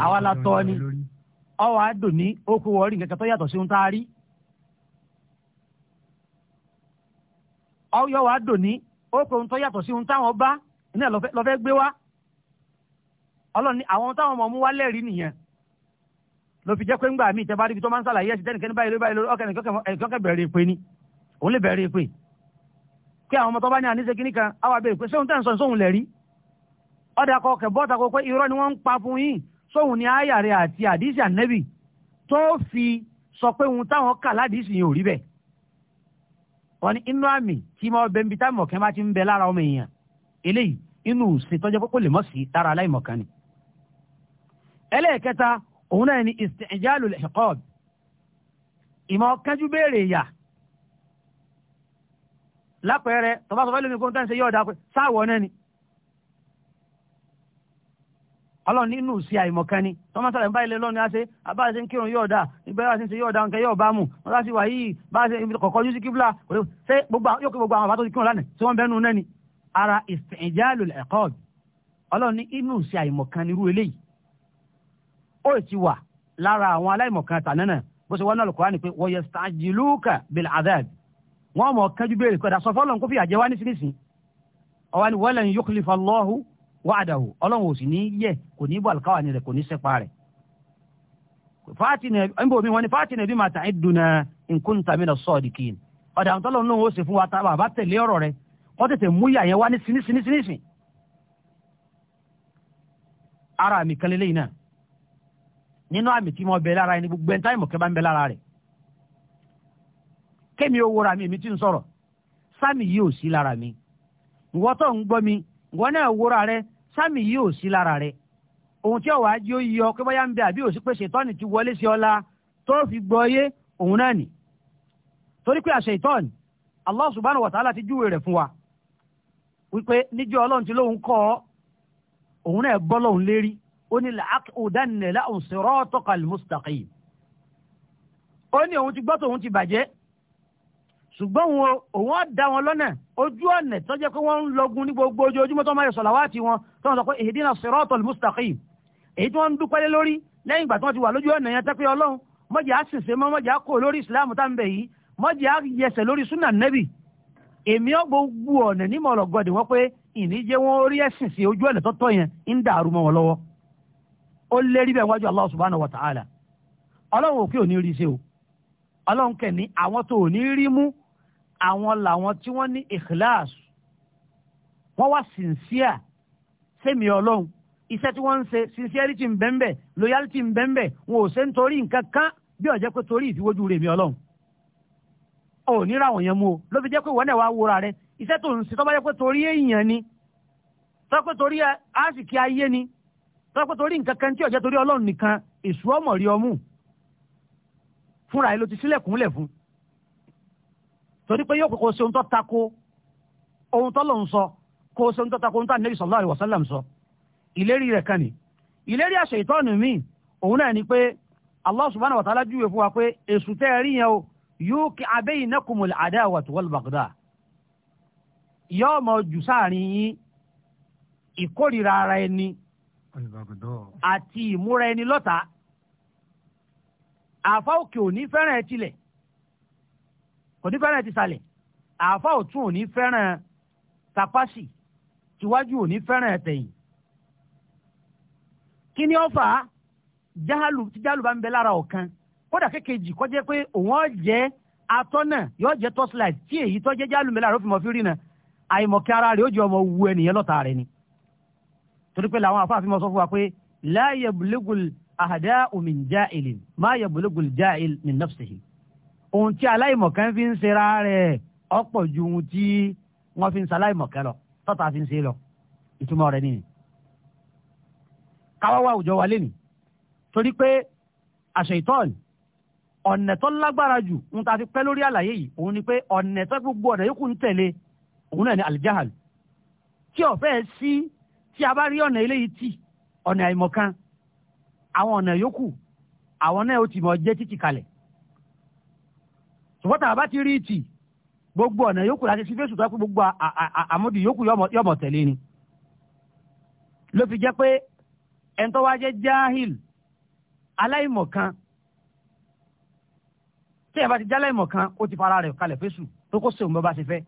àwa la tọ́ ni ọwọ́ àdùnní okò wọ́ọ́rì nǹkan tó yàtọ̀ sí ohun tá a rí. ọyọ́ wa dòní yàtọ̀ sí ohun táwọn bá iná lọ́fẹ́ gbé wá. ọlọ́run àwọn táwọn ọmọ mú wá lẹ́rìí nìyẹn ló fi jẹ́ pé ńgbà míì tẹ́fà ríbi tó máa ń sàlàyé ẹ̀sìn tẹ́nìkan báyìí lórí báyìí lórí ọkàn ẹ̀nìkan kẹ́ bẹ̀rẹ̀ ìpè ni òun lè bẹ̀rẹ̀ ìpè kí àwọn ọmọ tó bá ní àníṣe kínní kan á bẹ̀rẹ̀ pé sóhun tẹ̀sán sóhun lẹ̀ rí ọ̀dà kọ kẹ̀bọ́ta kó pé irọ́ ni wọ́n ń pa fún yín sóhun ni àyà rẹ̀ àti àdísì ànẹ́bì tó fi sọ pé ohun táwọn kà ládìísì yìí ò rí bẹ́ẹ̀ wọ́n ní inú àmì tí mo bẹ níbi táwọn ọ̀kẹ́ máa ti ń bẹ lára ọmọ èèyàn eléyìí inú ìsìn tọ́jọ́ pé kò lè mọ̀ sí lára aláìmọ̀kan ni ẹlẹ́ẹ̀kẹta òun náà ni isti'jalu al-iqab ìmọ̀ kánjú béèrè ìyà lápẹẹrẹ tọba sọ fẹ́ lómi kóńtà ń ṣe yọ̀ọ̀dà pé sáwọ̀ náà ni ọlọ́run nínú sí àìmọ̀kan ni tọ́mọ sára ń bá ilé lọ́nu àṣẹ abáṣe ń kírun yọ̀ọ̀dà ìbẹ̀rẹ̀ àṣẹ ń ṣe yọ̀ọ̀dà nǹkan yọ̀ọ̀ bá mú wọn láti wà yìí bá ṣe ibi kọ̀kọ́ yú sí kíbla ṣé gbogbo yóò kí àwọn àbátó ti kírun lánàá tí wọ́n bẹ́nu náà ni ara isti'jalul iqab ọlọ́run ní inú sí àìmọ̀kan nírú eléyìí ó ti wà lára àwọn aláìmọ̀kan tànánà bó ṣe wọ́n náà lùkọ́ wá ní pé wọ́n yẹ stajiluka bil adab wọ́n mọ̀ kánjú béèrè pé dàsọ fọlọ́n kó fi àjẹ wá nísinsìnyí ọ̀wá ni walan yukhlifa Allahu wa'dahu ọlọ́run ò sì ní yẹ kò ní bọ̀ àlùkáwà ni rẹ̀ kò ní sẹ́pa rẹ̀ nínú àmì tí mo bẹ lára ẹni gbogbo ẹni táìmù kẹba ń bẹ lára rẹ kémi owó ra mi èmi tí ń sọ̀rọ̀ sámi yìí ò sí lára mi ìwọ tó ń gbọ́ mi ìwọ náà wo ra rẹ sámi yìí ò sí lára rẹ ohun tí ọwọ́ ajé ó yọ pé bóyá ń bẹ àbí òsì pé ṣètọ́nì ti wọlé sí ọlá tó fi gbọ́ yé òun náà nì torí pé àṣẹ ìtọ́ni Allah subhanahu wa ta'ala ti júwe rẹ̀ fún wa wípé níjọ́ ọlọ́run ti lóun kọ́ ọ òun náà bọ́ lọ́hùn lérí ó ní làákùdánilẹ láwùn sọ̀rọ̀ tọkàlì mustaqi ó ní òun ti gbọ́ tóun ti bàjẹ́ ṣùgbọ́n wọn òun á da wọn lọ́nà ojú ọ̀nà tó jẹ́ pé wọ́n ń lọ́gun ní gbogbo ojoojúmọ́ tó máa yẹ sọ̀làwátì wọn tó wọn sọ pé ihdina siratal mustaqim èyí tí wọ́n ń dúpẹ́ lé lórí lẹ́yìn ìgbà tí wọ́n ti wà lójú ọ̀nà yẹn tẹ́pẹ́ ọlọ́run mọ́jà á sìnṣe mọ́ èmi ọ̀ gbogbo ọ̀nà ní mọ̀lọ́gọ́dì wọn pé ìníjẹ́ wọn orí ẹ̀sìn sí ojú ọ̀nà tó yẹn ń dàrú mọ́ wọn lọ́wọ́ ó lérí bẹ́ẹ̀ wájú Allah subhanahu wa ta'ala ọlọ́run òkè òní rí iṣẹ́ o ọlọ́run kẹ̀ní àwọn tó òní rí mú àwọn làwọn tí wọ́n ní ikhlas wọ́n wá sincere sẹ́mi ọlọ́run iṣẹ́ tí wọ́n ń ṣe sincerity ń bẹ́ńbẹ́ loyalty ń bẹ́ńbẹ́ wọn ò ṣe ń torí nǹkan kan bí ọ̀jẹ́ pé torí ìfiwójú rèmi ọlọ́run ò ní àwọn yẹn mú o ló fi jẹ́ pé wọ́n náà wá tọ́pọ̀ torí nǹkan kan tí ọ̀jẹ́ torí ọlọ́run nìkan èṣù ọmọ rí ọmú fúnra ẹ ló ti sílẹ̀kùnlẹ̀ fún torí pé yóò kọ́kọ́ ṣe ohun tó tako ohun tó lòun sọ kó ṣe ohun tó tako ohun tó ànẹ́bí sallallahu alaihi wasallam sọ ìlérí rẹ̀ kan ní ìlérí àṣẹ ìtọ́nù míì òun náà ni pé Allah subhanahu wa ta'ala júwe fún wa pé èṣù tẹ́ ẹ rí yẹn o yuqi bainakumul adawatu wal bagda yóò mọ jù sáàrin yín ìkórìíra ara ẹni àti ìmúra ẹni lọ́ta àfa òkè òní fẹ́ràn ẹ tilẹ̀ kò ní fẹ́ràn ẹ ti sàlẹ̀ àfa òtún òní fẹ́ràn tapasi tiwájú òní fẹ́ràn ẹ tẹ̀yìn kí ni ó fà á jahalu tí jahalu bá ń bẹ lára ọ̀kan kódà kékejì kọjá pé òun ọ̀ jẹ́ atọ́nà yóò jẹ́ tọ́sílà tí èyí tọ́jẹ́ jahalu ń bẹ lára ó fi mọ̀ fi rí na àìmọ̀kẹ́ ara rẹ̀ ó jẹ́ ọmọ wu ẹnìyẹn lọ́ta rẹ̀ ni torí pé làwọn afáàfin máa sọ fún wa pé láàyè bulugul àhàdá omi já ìlì máàyè bulugul já ìlì ní nọ́fṣìhì ohun tí aláìmọ̀kan fi ń ṣera rẹ̀ ọ̀pọ̀ ju ohun tí wọ́n fi ń ṣe aláìmọ̀kan lọ tọ́ta fi ń ṣe lọ ìtumọ̀ rẹ̀ nìyí káwáwá òjò wa lẹ́nu torí pé àṣẹ ìtọ́ọ̀nì ọ̀nà tó lágbára jù ń ta fi pẹ́ lórí àlàyé yìí òun ni pé ọ̀nà gbogbo ọ̀nà yòókù ń tẹ̀lé òun náà ni alijahal tí ọ̀fẹ́ sí tí a bá rí ọ̀nà eléyìí tì ọ̀nà àìmọ̀kan àwọn ọ̀nà yòókù àwọn náà ó ti mọ̀ jẹ́ títì kalẹ̀ ṣùgbọ́n tàbá ti rí tì gbogbo ọ̀nà yòókù láti fi fèsù tó yẹ kó gbogbo àmúdi yòókù yọ̀mọ̀ tẹ̀lé ni ló fi jẹ́ pé ẹni tó wá jẹ́ jahil aláìmọ̀kan tí ẹ bá ti jẹ́ aláìmọ̀kan ó ti fara rẹ̀ kalẹ̀ fèsù tó kó sèwọ́n bá ṣe fẹ́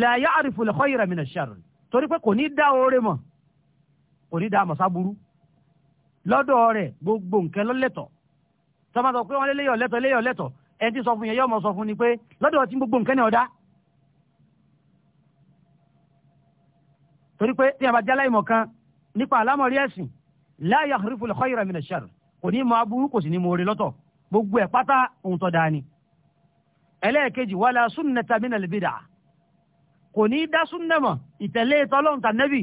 la ya'rifu al-khayra min ash-sharr torí pé kò ní dá oore mọ̀ kò ní dá mọ̀sáburú lọ́dọ̀ rẹ̀ gbogbo nǹkan lọ́lẹ́tọ̀ tọ́mọ sọ pé wọ́n lé léyọ̀ lẹ́tọ̀ léyọ̀ lẹ́tọ̀ ẹni tí sọ fún yẹn yọ́ mọ̀ sọ fún ni pé lọ́dọ̀ tí gbogbo nǹkan ní ọ̀dá torí pé tí a bá jẹ́ aláìmọ̀ kan nípa àlámọ̀rí ẹ̀sìn la yahrifu al-khayra min ash kò ní mọ aburú kò sì ní mọ oore lọ́tọ̀ kò ní í dá súnnàmọ̀ ìtẹ̀lé tọ́lọ́hùn tànẹ́bì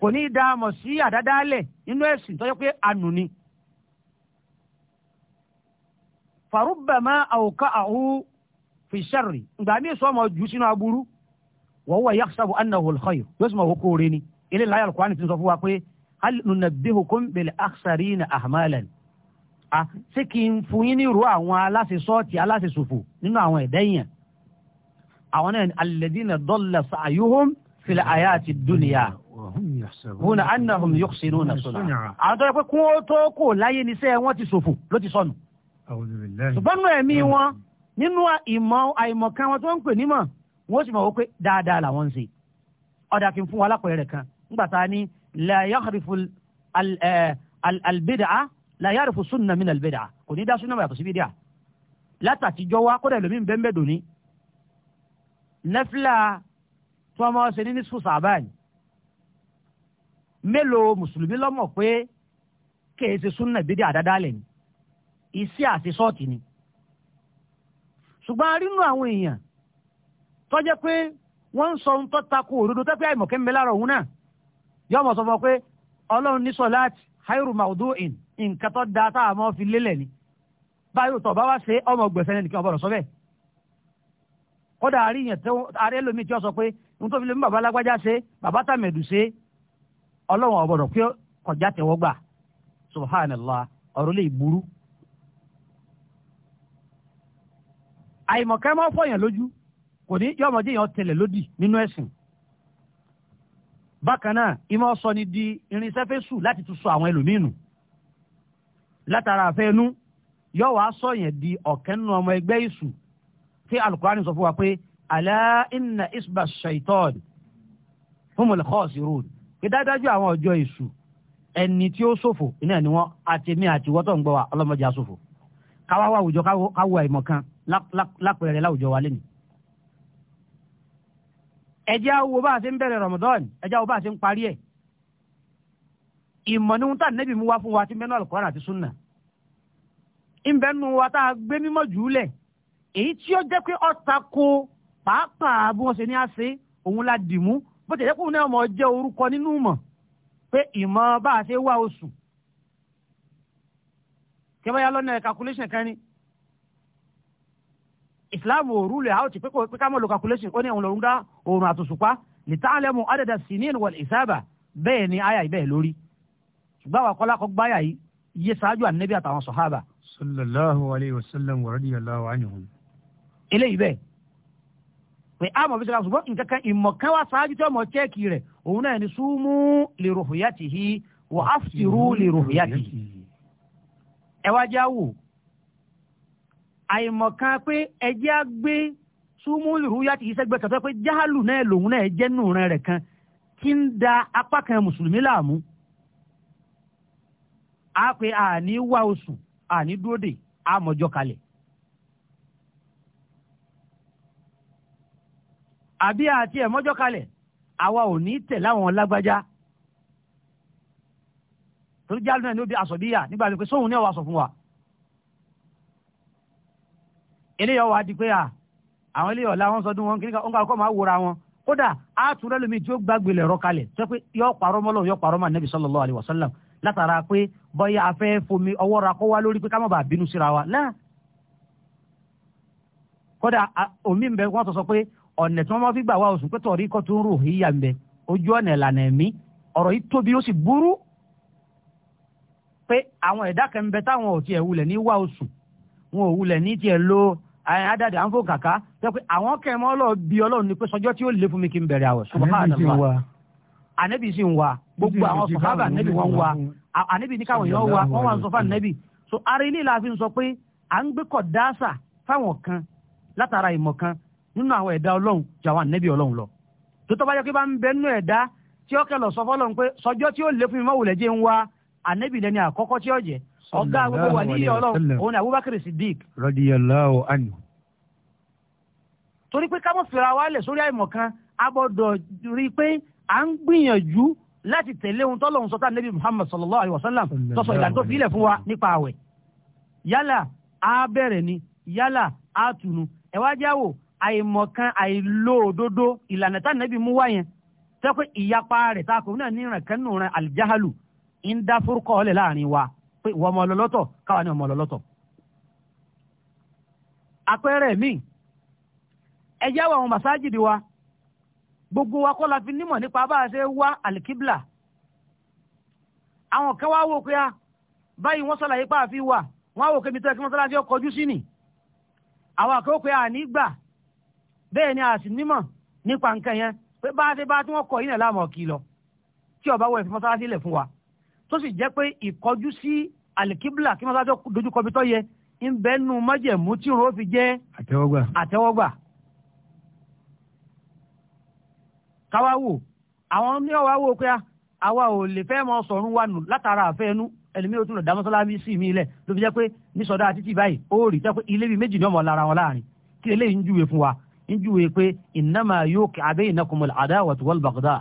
kò ní í dá mọ̀ sí àdádálẹ̀ nínú ẹ̀sìn tó yẹ pé ànú ni. farubbama àwòká àhú fi sharri ìgbà míì sọ ọmọ jù sínú aburú wa huwa yahsabu annahu al yóò sì mọ̀ wọ́n kóore ni ilé láyà al ti sọ fún wa pé hal nunabbihukum bil akhsarina a'malan a ṣé kí n fún yín ní irú àwọn aláṣẹ sọ́ọ̀tì aláṣẹ ṣòfò nínú àwọn ẹ̀dẹ́yìn àwọn náà alladhina dalla sa'yuhum fil hayati dunya huna annahum yuhsinuna sun'a àwọn tó yẹ pé kún ó tó kò láyé níṣẹ́ wọn ti ṣòfò ló ti sọnù ṣùgbọ́n nínú ẹ̀mí wọn nínú ìmọ̀ àìmọ̀kan wọn tó ń pè nímọ̀ wọn sì mọ̀ wọ́pẹ́ dáadáa làwọn ń ṣe ọ̀dà kí n fún wa lápẹ̀rẹ̀ kan nígbà tá a ní la yahrifu eh, albid'a la yahrifu kò ní dá sunna wà yàtọ̀ sí bid'a látàtijọ́ wa kódà ìlú nẹ́fìlà tí wọ́n máa ṣe ní nísùkú sàbáàní mélòó mùsùlùmí lọ́mọ̀ pé kèé ṣe súnà bídí àdádálẹ̀ ni iṣẹ́ àti sọ́ọ̀tì ni ṣùgbọ́n arínú àwọn èèyàn tó jẹ́ pé wọ́n ń sọ ohun tó takò òdodo tó pé àìmọ̀kẹ́ ń bẹ lára òun náà yóò mọ̀ sọ fún ọ pé ọlọ́run ní sọláàtì hairu maudu'in nǹkan tó da tá a mọ́ fi lélẹ̀ ni báyìí tó bá wá ṣe ọmọ gbèsè nìkan ọbọ̀rọ̀ sọ bẹ́ẹ̀ kódà àríyàn tó elu ẹlòmíì tí ó sọ pé ohun fi lè mú bàbá alágbájá ṣe bàbá tàmẹ̀dù ṣe ọlọ́run ọ̀bọ̀dọ̀ kọjá tẹ̀wọ́ gbà subhanallah ọ̀rọ̀ lè burú. àìmọ̀kẹ́ máa fọyàn lójú kò ní yọ ọmọdé yẹn lódì nínú ẹ̀sìn bákan náà ìmọ̀ sọ ni di irinṣẹ́ fésù láti tún sọ àwọn ẹlòmíì nù látara àfẹnú yọ wàá sọ yẹn di ọ̀kẹ́ nínú ọmọ ẹgbẹ́ tí alukurani sọ fún wa pé ala inna isba shaitan humul khasirun pé dájú àwọn ọjọ́ èṣù ẹni tí ó ṣòfò iná ni wọn àti mi àti wọ́tọ̀ ń gbọ́ wa ọlọ́mọdé aṣòfò káwá wá àwùjọ káwọ àìmọ̀ kan lápẹ̀rẹ̀ láwùjọ wa lẹ́nu. ẹjẹ́ awo bá a ṣe ń bẹ̀rẹ̀ Ramadan ẹjẹ́ awo bá a ṣe ń parí ẹ̀ ìmọ̀ ni wọn tà nẹ́bí mú wá fún wa ti mẹ́nu al àti sunna ìbẹ́nu wa tá a gbé mímọ́ jù lẹ̀ èyí tí ó jẹ́ pé ọ̀ta ko pàápàá bí wọ́n ṣe ní àṣẹ òun la dì mú bó tẹ̀lé kóun náà mọ̀ jẹ́ orúkọ nínú mọ̀ pé ìmọ̀ bá a ṣe wá oṣù kẹ́bàá yá lọ́nà calculation kan ni islam ò rúlẹ̀ àwọn ti pé ká mọ̀ lo calculation ó ní àwọn olóńgbà oòrùn àtòṣùpá lè tá àlẹ́ mu àdàdà sí ní ìwọ̀n ìsáàbà bẹ́ẹ̀ ni àyà ìbẹ́ẹ̀ lórí ṣùgbọ́n àwọn akọ́lá kọ́gbá yìí iye ṣáájú ànábì àtàwọn sọ̀hábà. sallallahu alayhi wa sallam wa radiyallahu anhum eléyìí bẹ́ẹ̀ pé àmọ̀ fi sọ́kà ṣùgbọ́n nǹkan kan ìmọ̀ kan wá ṣáájú tí ọmọ chẹ́ẹ̀kì rẹ̀ òun náà ni súnmú li ruhiyatihi wa aftiru li ruhiyatihi. ẹ wá já wò àìmọ̀ kan pé ẹjẹ́ á gbé súnmú li ruhiyatihi sẹ́gbẹ́ kàtó pé jáhálù náà lòun náà jẹ́ nù rẹ̀ kan tí ń da apá kan mùsùlùmí láàmú. a pé àní wá oṣù àní dúró dè àmọ̀jọ kalẹ̀ àbí àti ẹ̀ mọ́jọ́ kalẹ̀ àwa ò ní tẹ̀ láwọn lágbájá torí jáde náà ni ó bí aṣọ bíyà nígbà tó pé sóhun ní ọwọ́ aṣọ fún wa eléyọ̀ wa di pé à àwọn eléyọ̀ la wọ́n sọdún wọn kí nígbà wọn kọ́ máa wòra wọn kódà á tún lẹ́nu mi tí ó gbàgbé lẹ̀rọ kalẹ̀ tó pé yọ parọ́ mọ́lọ́ yọ parọ́ mọ́ nàbì sallallahu alaihi wasallam látara pé bọ́yá afẹ́ fomi ọwọ́ ra kọ́ wá lórí pé ká má bàa bínú síra wa náà kódà omi ń bẹ wọ́n sọ pé ọ̀nà tí wọ́n máa fi gbà wá oṣù pé tọ̀rí kọ́ tó ń rò híyà ń bẹ ojú ọ̀nà ìlànà ẹ̀mí ọ̀rọ̀ yìí tóbi ó sì burú pé àwọn ẹ̀dá kan ń bẹ táwọn ò tiẹ̀ wulẹ̀ ní wá oṣù wọn ò wulẹ̀ ní tiẹ̀ lo àdáda à ń fò kàkà jẹ́ pé àwọn kẹmọ́ ọlọ́ọ̀ bí ọlọ́run ni pé sọjọ́ tí ó lè fún mi kí n bẹ̀rẹ̀ àwẹ̀ subhanallah ànẹ́bì sì ń so ara la fi ń sọ pé à ń gbé kọ̀ ìmọ̀ kan nínú àwọn ẹ̀dá ọlọ́run ju àwọn ànẹ́bí ọlọ́run lọ tó tọ́ bá yẹ kí bá ń bẹ nínú ẹ̀dá tí ó kẹlọ̀ sọ fọlọ́run pé sọjọ́ tí ó lé fún mi mọ́wùlẹ̀ jẹ́ ń wá ànẹ́bí lẹ́ni àkọ́kọ́ tí ó jẹ́ ọ̀gá gbogbo wà ní ilé ọlọ́run òun ni Abubakar Siddiq. radiyallahu anhu. torí pé ká mọ̀ fìlà wa lẹ̀ sórí àìmọ̀ kan a gbọ́dọ̀ rí i pé à ń gbìyànjú láti tẹ̀lé ohun tọ́lọ́run sọ́tà nẹ́bí Muhammad sallallahu alayhi wa sallam tọ́sọ ìlànà tó fi ilẹ̀ fún wa nípa àwẹ̀ wá jáwò àìmọ̀kan àìlóòdodo ìlànà tá nàbí mú wá yẹn tẹ́ pé ìyapa rẹ̀ tá a kò náà ní ìrànkẹ́ nù rẹ̀ àlìjáhálù ń dá fúrúkọ́ ọ̀lẹ̀ láàrin wa pé ìwọ ọmọ ọlọ́lọ́tọ̀ káwa ní ọmọ ọlọ́lọ́tọ̀. àpẹẹrẹ mi ẹ jáwọ́ àwọn màsáàjìdì wa gbogbo wa kọ́ la fi nímọ̀ nípa bá a ṣe wá àlìkíblà àwọn kan wò pé a báyìí wọ́n sọ̀làyé pàáfi wà wọ́n á wò kébi tẹ́ kí mọ́sálásí ọkọ̀ ojú sí nì àwọn àkókò àní gbà bẹ́ẹ̀ ni a sì nímọ̀ nípa nǹkan yẹn pé bá a ṣe bá tí wọ́n kọ yín náà láàmú ọ̀kì lọ tí ọba wọ ẹ̀fí mọ́sálásí lẹ̀ fún wa tó sì jẹ́ pé ìkọjú sí alikibla kí mọ́sálásí dojú kọ bí tọ́ yẹ ń bẹ́ nu májẹ̀mú tí òun ó fi jẹ́ àtẹ́wọ́gbà àtẹ́wọ́gbà. káwá wò àwọn ní ọ̀wá wò pé àwa ò lè fẹ́ mọ sọ̀run wa nù látara àfẹ́nu ẹlòmí o tún lọ dámọ́sálásí sí mi lẹ̀ ló fi jẹ́ pé ní sọ̀dá àti tì ó rí i tẹ́ pé ilé bíi méjì ní ọmọ lára wọn láàrin kí eléyìí ń júwe fún wa níjúwe pé ìnáma yóò kí abẹ́ ìnákùnmọ̀lá àdáwà tó wọ́n bàgọ́dà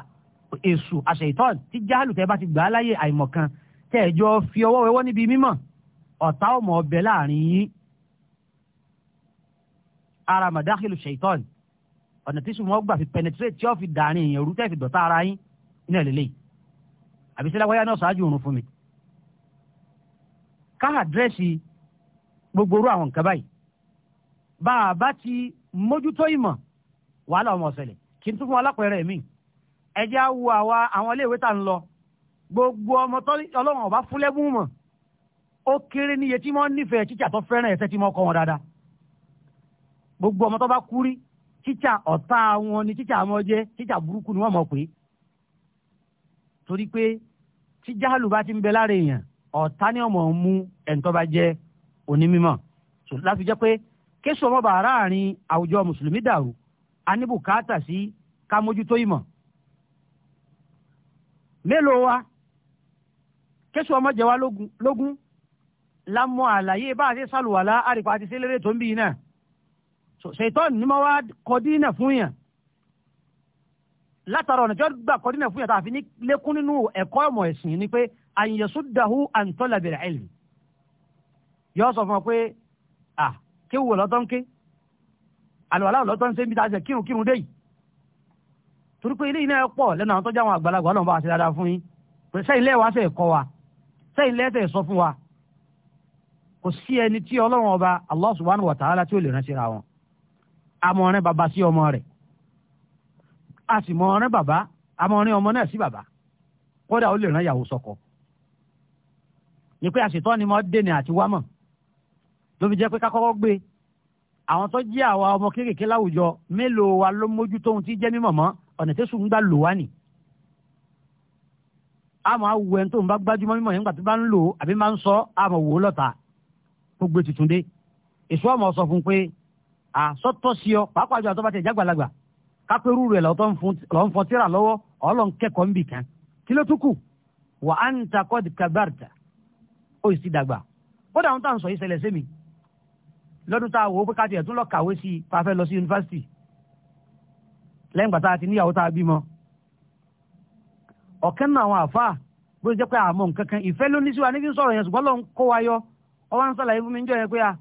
èṣù àṣeyìtọ́n tí jáàlù tẹ́ bá ti gbà á láyè àìmọ̀kan tẹ́ ẹ̀jọ́ fi ọwọ́ wẹwọ́ níbi mímọ̀ ọ̀tá ọmọ ọbẹ̀ láàrin yín ara màdákìlù ṣeyìtọ́n ọ̀nà tí sùnmọ́ gbà fi penetrate tí ó fi dàrin èèyàn rú tẹ́ fi dọ̀tá ara yín iná lélẹ́yìí àbí sílẹ̀ wáyà náà ṣáájú òun fún mi ká àdírẹ́sì gbogbo orú àwọn nǹkan báyìí bá a ti mójútó ìmọ̀ wàhálà ọmọ ọ̀sẹ̀lẹ̀ kí n tún fún wa lápẹẹrẹ mi ẹjẹ́ á wo àwa àwọn iléèwé tá ń lọ gbogbo ọmọ tó ọlọ́run ọba fúnlẹ́ mú mọ̀ ó kéré níye tí mo nífẹ̀ẹ́ tíṣà tó fẹ́ràn ẹ̀sẹ̀ tí mo kọ́ wọn dáadáa gbogbo ọmọ tó bá kú rí tíṣà ọ̀tá wọn ni tíṣà mọ́ jẹ́ tíṣà burúkú ni wọ́n mọ̀ pé torí pé tí jáàlù bá ti ń bẹ lára èèyàn ọ̀tá ni ọmọ mú ẹ̀ńtọ́ bá jẹ́ onímọ̀ láti jẹ́ pé kéṣù ọmọ bàárà àárín àwùjọ mùsùlùmí dàrú a ní bùkátà sí ká mójútó ìmọ̀ mélòó wa kéṣù ọmọ jẹ wá lógún lámọ àlàyé bá a ṣe sàlùwàlá àrìpá àti sẹlẹrẹ tó ń bí iná ṣètọ́nù ni mo wá kọ dínà fún yàn látara ọ̀nà tí wọ́n gbà kọ́ dínà fún yàn tá a fi ní lékún nínú ẹ̀kọ́ ọmọ ẹ̀sìn ni pé àyìnyẹ̀sùn dàhú àǹtọ́làbẹ̀rẹ̀ ẹ̀lì yọ sọ fún ọ pé ah kí wò lọ́tọ́ ń ké àlùwàlá lọ́tọ́ ń ṣe ń bí tá a ṣe kírun kírun dé yìí torí pé ilé iná pọ̀ lẹ́nu àwọn àgbàlagbà náà bá a ṣe dáadáa fún yín pé sẹ́yìn lẹ́ẹ̀ wá wa sẹ́yìn lẹ́ẹ̀ sọ fún wa kò sí ẹni tí ọlọ́run ọba tí lè ránṣẹ́ ra wọn amọ̀rin bàbá sí ọmọ rẹ̀ a sì mọ̀rin bàbá ọmọ náà sí bàbá kódà ó lè sọkọ ni pé àṣetọ́ ni mo dé ni àti ló fi jẹ́ pé kákọ́kọ́ gbé àwọn tó jẹ́ àwa ọmọ kéékèèké láwùjọ mélòó wa ló mójútó ohun tí jẹ́ mímọ̀ mọ́ ọ̀nà tẹ́sù ń gbà lò wá nì. a máa wù ẹni tó ń bá gbájúmọ́ mímọ̀ yẹn nígbà tó bá ń lò àbí máa ń sọ a máa wò ó lọ́ta kó gbé tuntun dé. èso àmọ́ sọ fún pé àsọtọ́ sí ọ pàápàá jọ àtọ́bàtẹ̀ ìjàgbàlagbà kápẹ́rú rẹ̀ lọ́tọ́ ń fọn tíra lọ́wọ́ ọlọ́n kẹ́kọ̀ọ́ ń bì kan kí ló tún wà á ń ta kọ́ lọ́dún tá a wò ó pé ká tiẹ̀ tún lọ kàwé sí i pa fẹ́ lọ sí yunifásitì lẹ́yìn gbàtà àti níyàwó tá a bímọ. ọ̀kẹ́ nínú àwọn àfáà bó jẹ́ pé àmọ́ nǹkan kan ìfẹ́ ló ní sí wa níbi ń sọ̀rọ̀ yẹn ṣùgbọ́n lọ́n kó wa yọ ọ wá ń sàlàyé fún mi níjọ́ yẹn pé a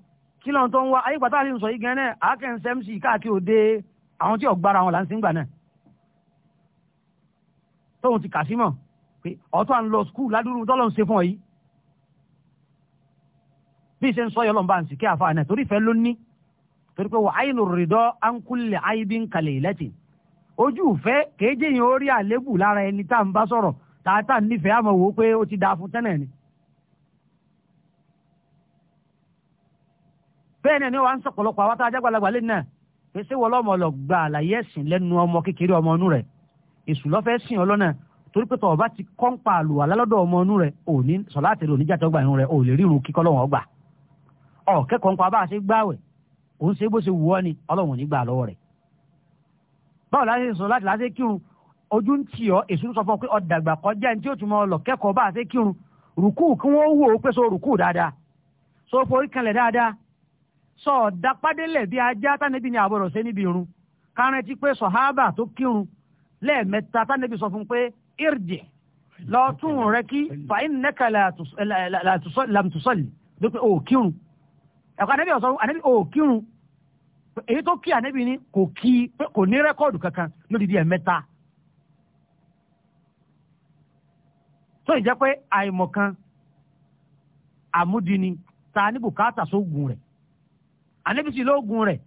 kí lóun tó ń wá ayé pàtàkì ń sọ yìí gan-an náà àákẹ́ ń sẹ́m sí káàkiri òde àwọn tí ọ̀gbára wọn là ń sí gbà náà tóun ti kà sí mọ̀ pé ọ̀tọ́ à ń lọ skul ládùúrú tọ́lọ́ ń ṣe fún ọ yìí bí ṣe ń sọ yọlọ́n ń sì kí àfa náà torí ìfẹ́ lónìí torí pé wà á yìnbọn rìndọ́ à ń kúnlẹ̀ àyíbí ń kalẹ̀ ìlẹ́tì ojú ìfẹ́ kéje yẹn ó rí àlébù lára ẹni tá à ń bá sọ̀rọ̀ tààtà nífẹ̀ẹ́ àmọ̀ wò ti fún tẹ́lẹ̀ ni. ọ kẹ́kọ̀ọ́ nǹkan bá a ṣe gbáwẹ̀ òun ṣe bó ṣe wù ọ́ ni ọlọ́run ò ní gbà lọ́wọ́ rẹ̀ báwo la ṣe sọ láti la ṣe kírun ojú ń tì ọ èṣù ń sọ fún ọ pé ọ̀dàgbà kọjá ní tí ó tún mọ lọ kẹ́kọ̀ọ́ bá a ṣe kírun rùkú kí wọ́n wò ó pé so rùkú dáadáa so forí kanlẹ̀ dáadáa sọ ọ̀dà pádélẹ̀ bí ajá tánibí ni àbọ̀rọ̀ ṣe níbi irun kárẹ́ ti pé sọ̀hábà tó kírun lẹ́ẹ̀mẹ́ta tánibí sọ fún pé irjẹ lọ́tún rẹ kí fàáyín nẹ́kà làtúsọ̀lì lópin òkírun ẹ̀kọ́ anabi ọ̀sọ́ anabi ò kírun èyí tó kí anabi ni kò kí kò ní rẹ́kọ́ọ̀dù kankan lódìdí ẹ̀ mẹ́ta tó ìjẹ́ pé àìmọ̀kan àmúdini ta ní bùkátà sóògùn rẹ̀ anabi sì lóògùn rẹ̀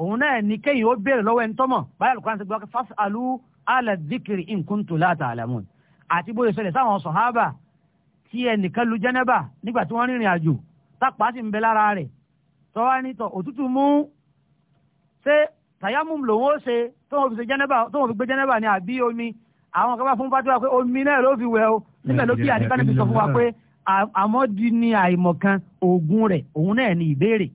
òun náà ní kéyìn ó béèrè lọ́wọ́ ẹni tọ́mọ̀ báyà lùkọ́ àti gbọ́kẹ́ fásitì alú alàdìkìrì nkúntù láta àlàmùn àti bóyá sọlẹ̀ sáwọn sọ̀hábà tí ẹnìkan lu jẹ́nẹ́bà nígbà tí wọ́n rìnrìn àjò tápá sì ń bẹ lára rẹ̀ tọ́wá ní tọ̀ òtútù mú ṣé tàyámùm lòun ó ṣe tóun fi gbé jẹ́nẹ́bà ní àbí omi àwọn kan bá fún bá tó wá pé omi náà ló fi wẹ̀ o níbẹ̀ ló bí àdìbá níbi sọ fún wa pé àmọ́dí ni àìmọ̀kan oògùn rẹ̀ òun náà ni ìbéèrè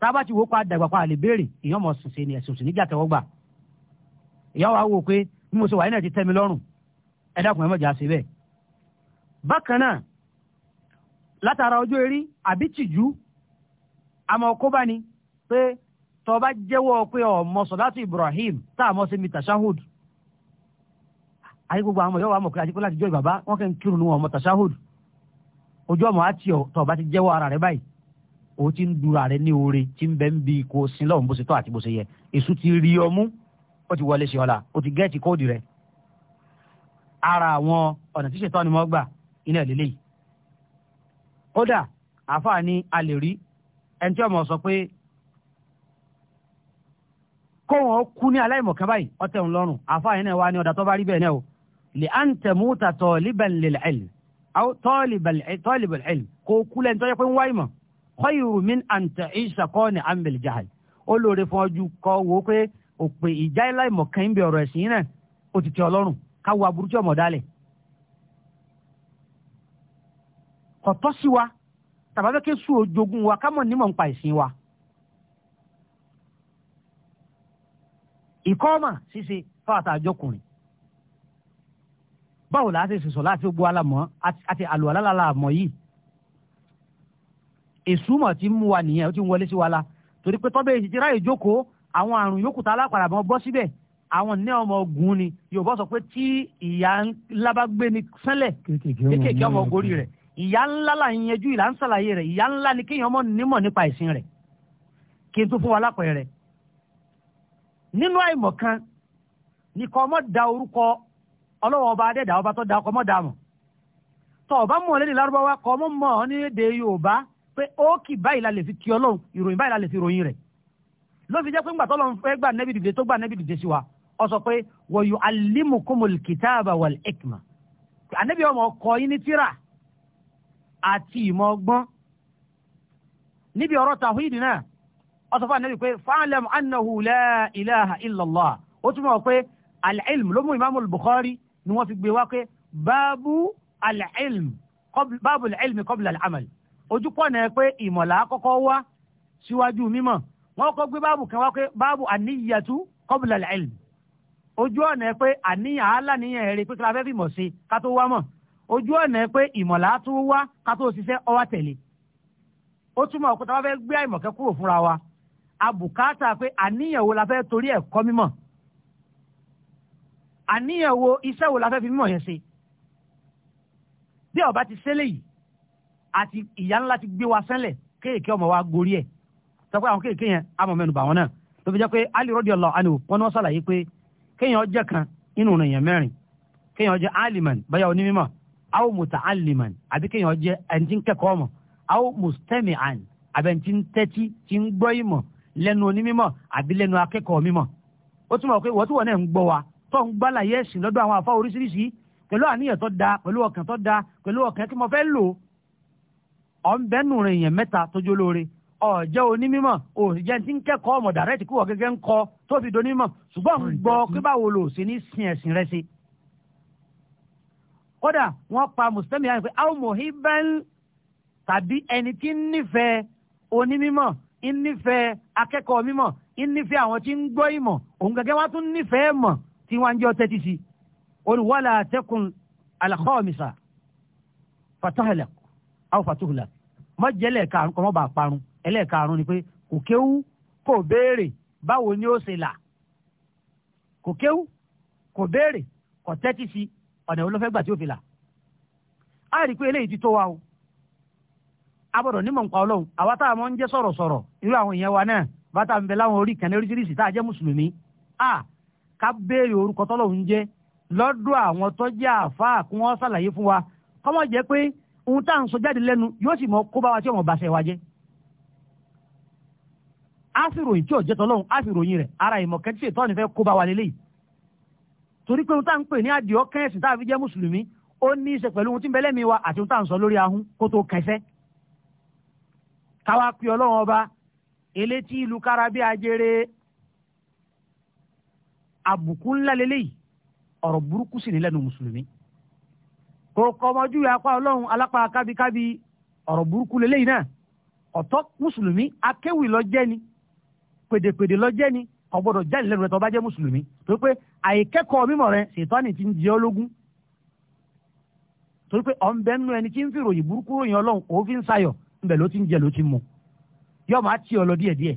tába ti wo pa dàgbà pa àlè béèrè èèyàn mọ̀ sùn sí ni ẹ̀sùn sí níjà tẹ́wọ́ gbà èèyàn wá wò pé bí mo ṣe wà yín náà ti tẹ́ mi lọ́rùn ẹ dákun ẹ mọ̀jà sí bẹ́ẹ̀ bákan náà látara ọjọ́ eré àbí tìjú àmọ́ kó bá ní pé tó bá jẹ́wọ́ pé ọmọ sọ̀dátù Ibrahim tá a mọ̀ sí mi tashahud ayé gbogbo àwọn ọmọ yóò wá mọ̀ pé àti pé láti jọ ìbàbá wọn kàn ń kírun ní ọmọ tashahud ojú ọmọ àti ọ tó bá ti jẹ́wọ́ ara rẹ báyìí o ti ń dura rẹ ní oore tí ń bẹ ń bi kó sin lọ́wọ́ bó ṣe tọ́ àti bó ṣe yẹ èṣù ti rí ọmú ó ti wọlé ṣe ọ̀la ó ti gẹ́ẹ̀tì kóòdù rẹ ara àwọn ọ̀nà tí ṣètọ́ ni wọ́n gbà iná ìlélẹ́yìí kódà àáfàá ni a lè rí ẹni tí ọmọ sọ pé kó wọn kú ní aláìmọ̀kan báyìí ọtẹ̀ ń lọ́rùn àáfàá yẹn náà wá ní ọ̀dà tó bá rí bẹ́ẹ̀ náà o lè à ń tẹ̀mú tàtọ̀ líbẹ̀ lèlẹ̀ ẹ̀lì tọ́ọ̀lìbẹ̀ ẹ̀lì kó kú lẹ́ni tó yẹ pé ń wá ìmọ̀ khayru min an ta'isha qani am bil jahl ó lóore fún ọjọ́ kọ́ wo pé òpè ìjà aláìmọ̀kan ń bẹ ọ̀rọ̀ ẹ̀sìn náà ó ọlọ́run káwọ aburú ọmọ dálẹ̀ kọ̀tọ́ sí wa tàbábẹ́kẹ́ sùn òjogún wa kámọ̀ nímọ̀ nípa ìsìn wa. ìkọ́mà ṣíṣe fáwọn àjọkùnrin báwo la ṣe sọ̀sọ̀ láti gbọ́ alamọ̀ àti àlùwàlá làlámọ̀ yìí èsùmọ̀ ti mú wa nìyẹn ó ti ń wọlé sí wa la torí pé tọ́bẹ̀ èsì ti ráyè jókòó àwọn àrùn yòókù tá alápàdà mọ́ bọ́ síbẹ̀ àwọn ní ọmọ ogun ni Yorùbá sọ pé tí ìyá ńlá bá gbé ni sẹ́lẹ̀ kéékèèké ọmọ ogorí rẹ̀ ìyá ńlá là ń yẹjú ìlà ń ṣàlàyé rẹ̀ ìyá ńlá ni kéèyàn mọ̀ nímọ̀ nípa ìsìn rẹ̀ kí n tó fún wa lápẹẹrẹ nínú àìmọ̀ kan nìkan ọmọ da orúkọ ọlọ́wọ́ ọba adẹ́dà ọba tó da ọkọ ọmọ da mọ̀ tọ́ ọba mọ̀ lẹ́ni lárúbáwá kọ́ ọmọ mọ̀ ọ́ ní èdè yorùbá pé ó kì báyìí la lè fi kí ọlọ́run ìròyìn báyìí la lè fi ròyìn rẹ̀ ló fi jẹ́ pé ńgbà tọ́lọ́run fẹ́ gbà nẹ́bí dìde tó gbà nẹ́bí dìde sí wa ó sọ pé wa yu'allimukumul kitaba wal hikma ànẹ́bí ọmọ ọkọ yín ní tíra àti ìmọ̀ ọgbọ́n níbi ọ̀rọ̀ tàwíìdì náà ọ̀sọ̀fà nẹ́bí pé fa'lam annahu la ilaha illallah ó túnmọ̀ pé al-ilm ló mú ìmáàmù Bukhari ni wọ́n fi gbé wá pé báàbù al-ilm báàbù al-ilm qabla al-amal ojú pọ̀ náà pé ìmọ̀lá kọ́kọ́ wá síwájú mímọ̀ wọ́n kọ́ gbé báàbù kan wá pé báàbù àníyàtú qabla al-ilm ojú ọ̀nà pé àníyàn aláníyàn ẹ̀rí pé kí ojú ọ̀nà pé ìmọ̀lá tó wá ká tó ṣiṣẹ́ ọwá tẹ̀lé ó túmọ̀ ọ̀pọ̀ táwọn fẹ́ gbé àìmọ̀kẹ́ kúrò fúnra wa àbùkátà pé àníyàn wo la fẹ́ torí ẹ̀kọ́ mímọ̀ àníyàn wo iṣẹ́ wo la fẹ́ fi mímọ̀ yẹn ṣe bí ọba ti ṣẹlẹ̀ yìí àti ìyá ńlá ti gbé wa sẹ́lẹ̀ kéèké ọmọ wa gorí ẹ̀ sọ pé àwọn kéèké yẹn amọ̀ mẹ́nu bà wọ́n náà tó fi jẹ́ pé Ali radiyallahu anhu wọn ni wọ́n sàlàyé pé kéèyàn jẹ́ kan nínú èèyàn mẹ́rin kéèyàn jẹ́ aliman báyà onímọ̀ aw muta'alliman àbí kéèyàn jẹ́ ẹni tí ń kẹ́kọ̀ọ́ mọ̀ aw mustami'an àbí ẹni tí ń tẹ́tí tí ń gbọ́ ìmọ̀ lẹ́nu onímọ̀ àbí lẹ́nu akẹ́kọ̀ọ́ mímọ̀ ó túmọ̀ pé wọ́n tí wọ́n náà ń gbọ́ wa tó ń gbá láyé ẹ̀sìn lọ́dọ̀ àwọn àfa oríṣiríṣi pẹ̀lú àníyàn tó da pẹ̀lú ọkàn tó da pẹ̀lú ọkàn tí mo fẹ́ lò ọ̀ ń bẹ́nu rìn yẹn mẹ́ta tójú lóore ọ̀jẹ́ onímọ̀ òṣìṣẹ́ tí ń kẹ́kọ̀ọ́ ọmọ dàrẹ́tì kúwọ̀ gẹ́gẹ́ ń kọ tó fi donímọ̀ ṣùgbọ́n ń gbọ́ pé báwo lò sí ní sin ẹ̀sìn rẹ sí kódà wọ́n pa mùsùlùmí àyànfẹ́ àwọn mohibbal tàbí ẹni tí ń nífẹ̀ẹ́ onímọ̀ ń nífẹ̀ẹ́ akẹ́kọ̀ọ́ mímọ̀ ń nífẹ̀ẹ́ àwọn tí ń gbọ́ ìmọ̀ òun gẹ́gẹ́ wá tún nífẹ̀ẹ́ mọ̀ tí wọ́n ń jọ tẹ́tí sí olùwọ́lá tẹ́kùn alakọ́ọ̀mìsà fatahilak aw fatuhilak mọ jẹ́ ẹlẹ́ẹ̀karùn kọ́ mọ́ ni pé kò kéwú kò béèrè báwo ni ó ṣe là kò kéwú kò béèrè kò tẹ́tí sí ọ̀nà olófẹ́ gbà tí ó fi là á rí i pé eléyìí ti tó wa o abọ̀dọ̀ nímọ̀ nǹkan ọlọ́run àwa tá a mọ̀ ń jẹ́ sọ̀rọ̀sọ̀rọ̀ irú àwọn èèyàn wa náà bàtà ń bẹ láwọn orí kan oríṣiríṣi tá a jẹ́ mùsùlùmí a ká béèrè orúkọ tọ́lọ́run jẹ́ lọ́dọ̀ àwọn tó jẹ́ àáfàá kí wọ́n ṣàlàyé fún wa kọ́mọ jẹ́ pé ohun tá à ń sọ jáde lẹ́nu yóò sì mọ kó bá wa tí ọ̀wọ́n bá ṣe wa jẹ́ á sì ròyìn tí ò jẹ́ tọ́lọ́run á sì ròyìn rẹ̀ ara ìmọ̀ kẹ́tí ni fẹ́ kó bá wa lélẹ́yìí torí pé ohun tá à ń pè ní àdìọ́ kẹ́ẹ̀sì tá a fi jẹ́ mùsùlùmí ó ní í ṣe pẹ̀lú ohun tí ń bẹ lẹ́mìí wa àti ohun tá à ń sọ lórí ahun kó tó kẹsẹ́ káwa pe ọlọ́run ọba elétí ìlú kára ajere àbùkù ńlá lélẹ́yìí ọ̀rọ̀ burúkú sì ní lẹ́nu mùsùlùmí kò kọmọjú apá ọlọ́run alápá kábíkábí ọ̀rọ̀ burúkú lélẹ́yìí náà ọ̀tọ̀ mùsùlùmí akéwì lọ́jẹ́ ni pèdèpèdè lọ́jẹ́ ni kò gbọdọ̀ jáde lẹ́nu rẹ tó bá jẹ́ mùsùlùmí torí pé àìkẹ́kọ̀ọ́ mímọ̀ rẹ ṣètọ́ni ti ń jẹ́ ológun torí pé ọ̀nbẹ́nu ẹni tí ń fi ròyìn burúkú ròyìn ọlọ́run òfin sayọ̀ ńbẹ̀ ló ti ń jẹ ló ti mu yóò máa tì ọ lọ díẹ̀díẹ̀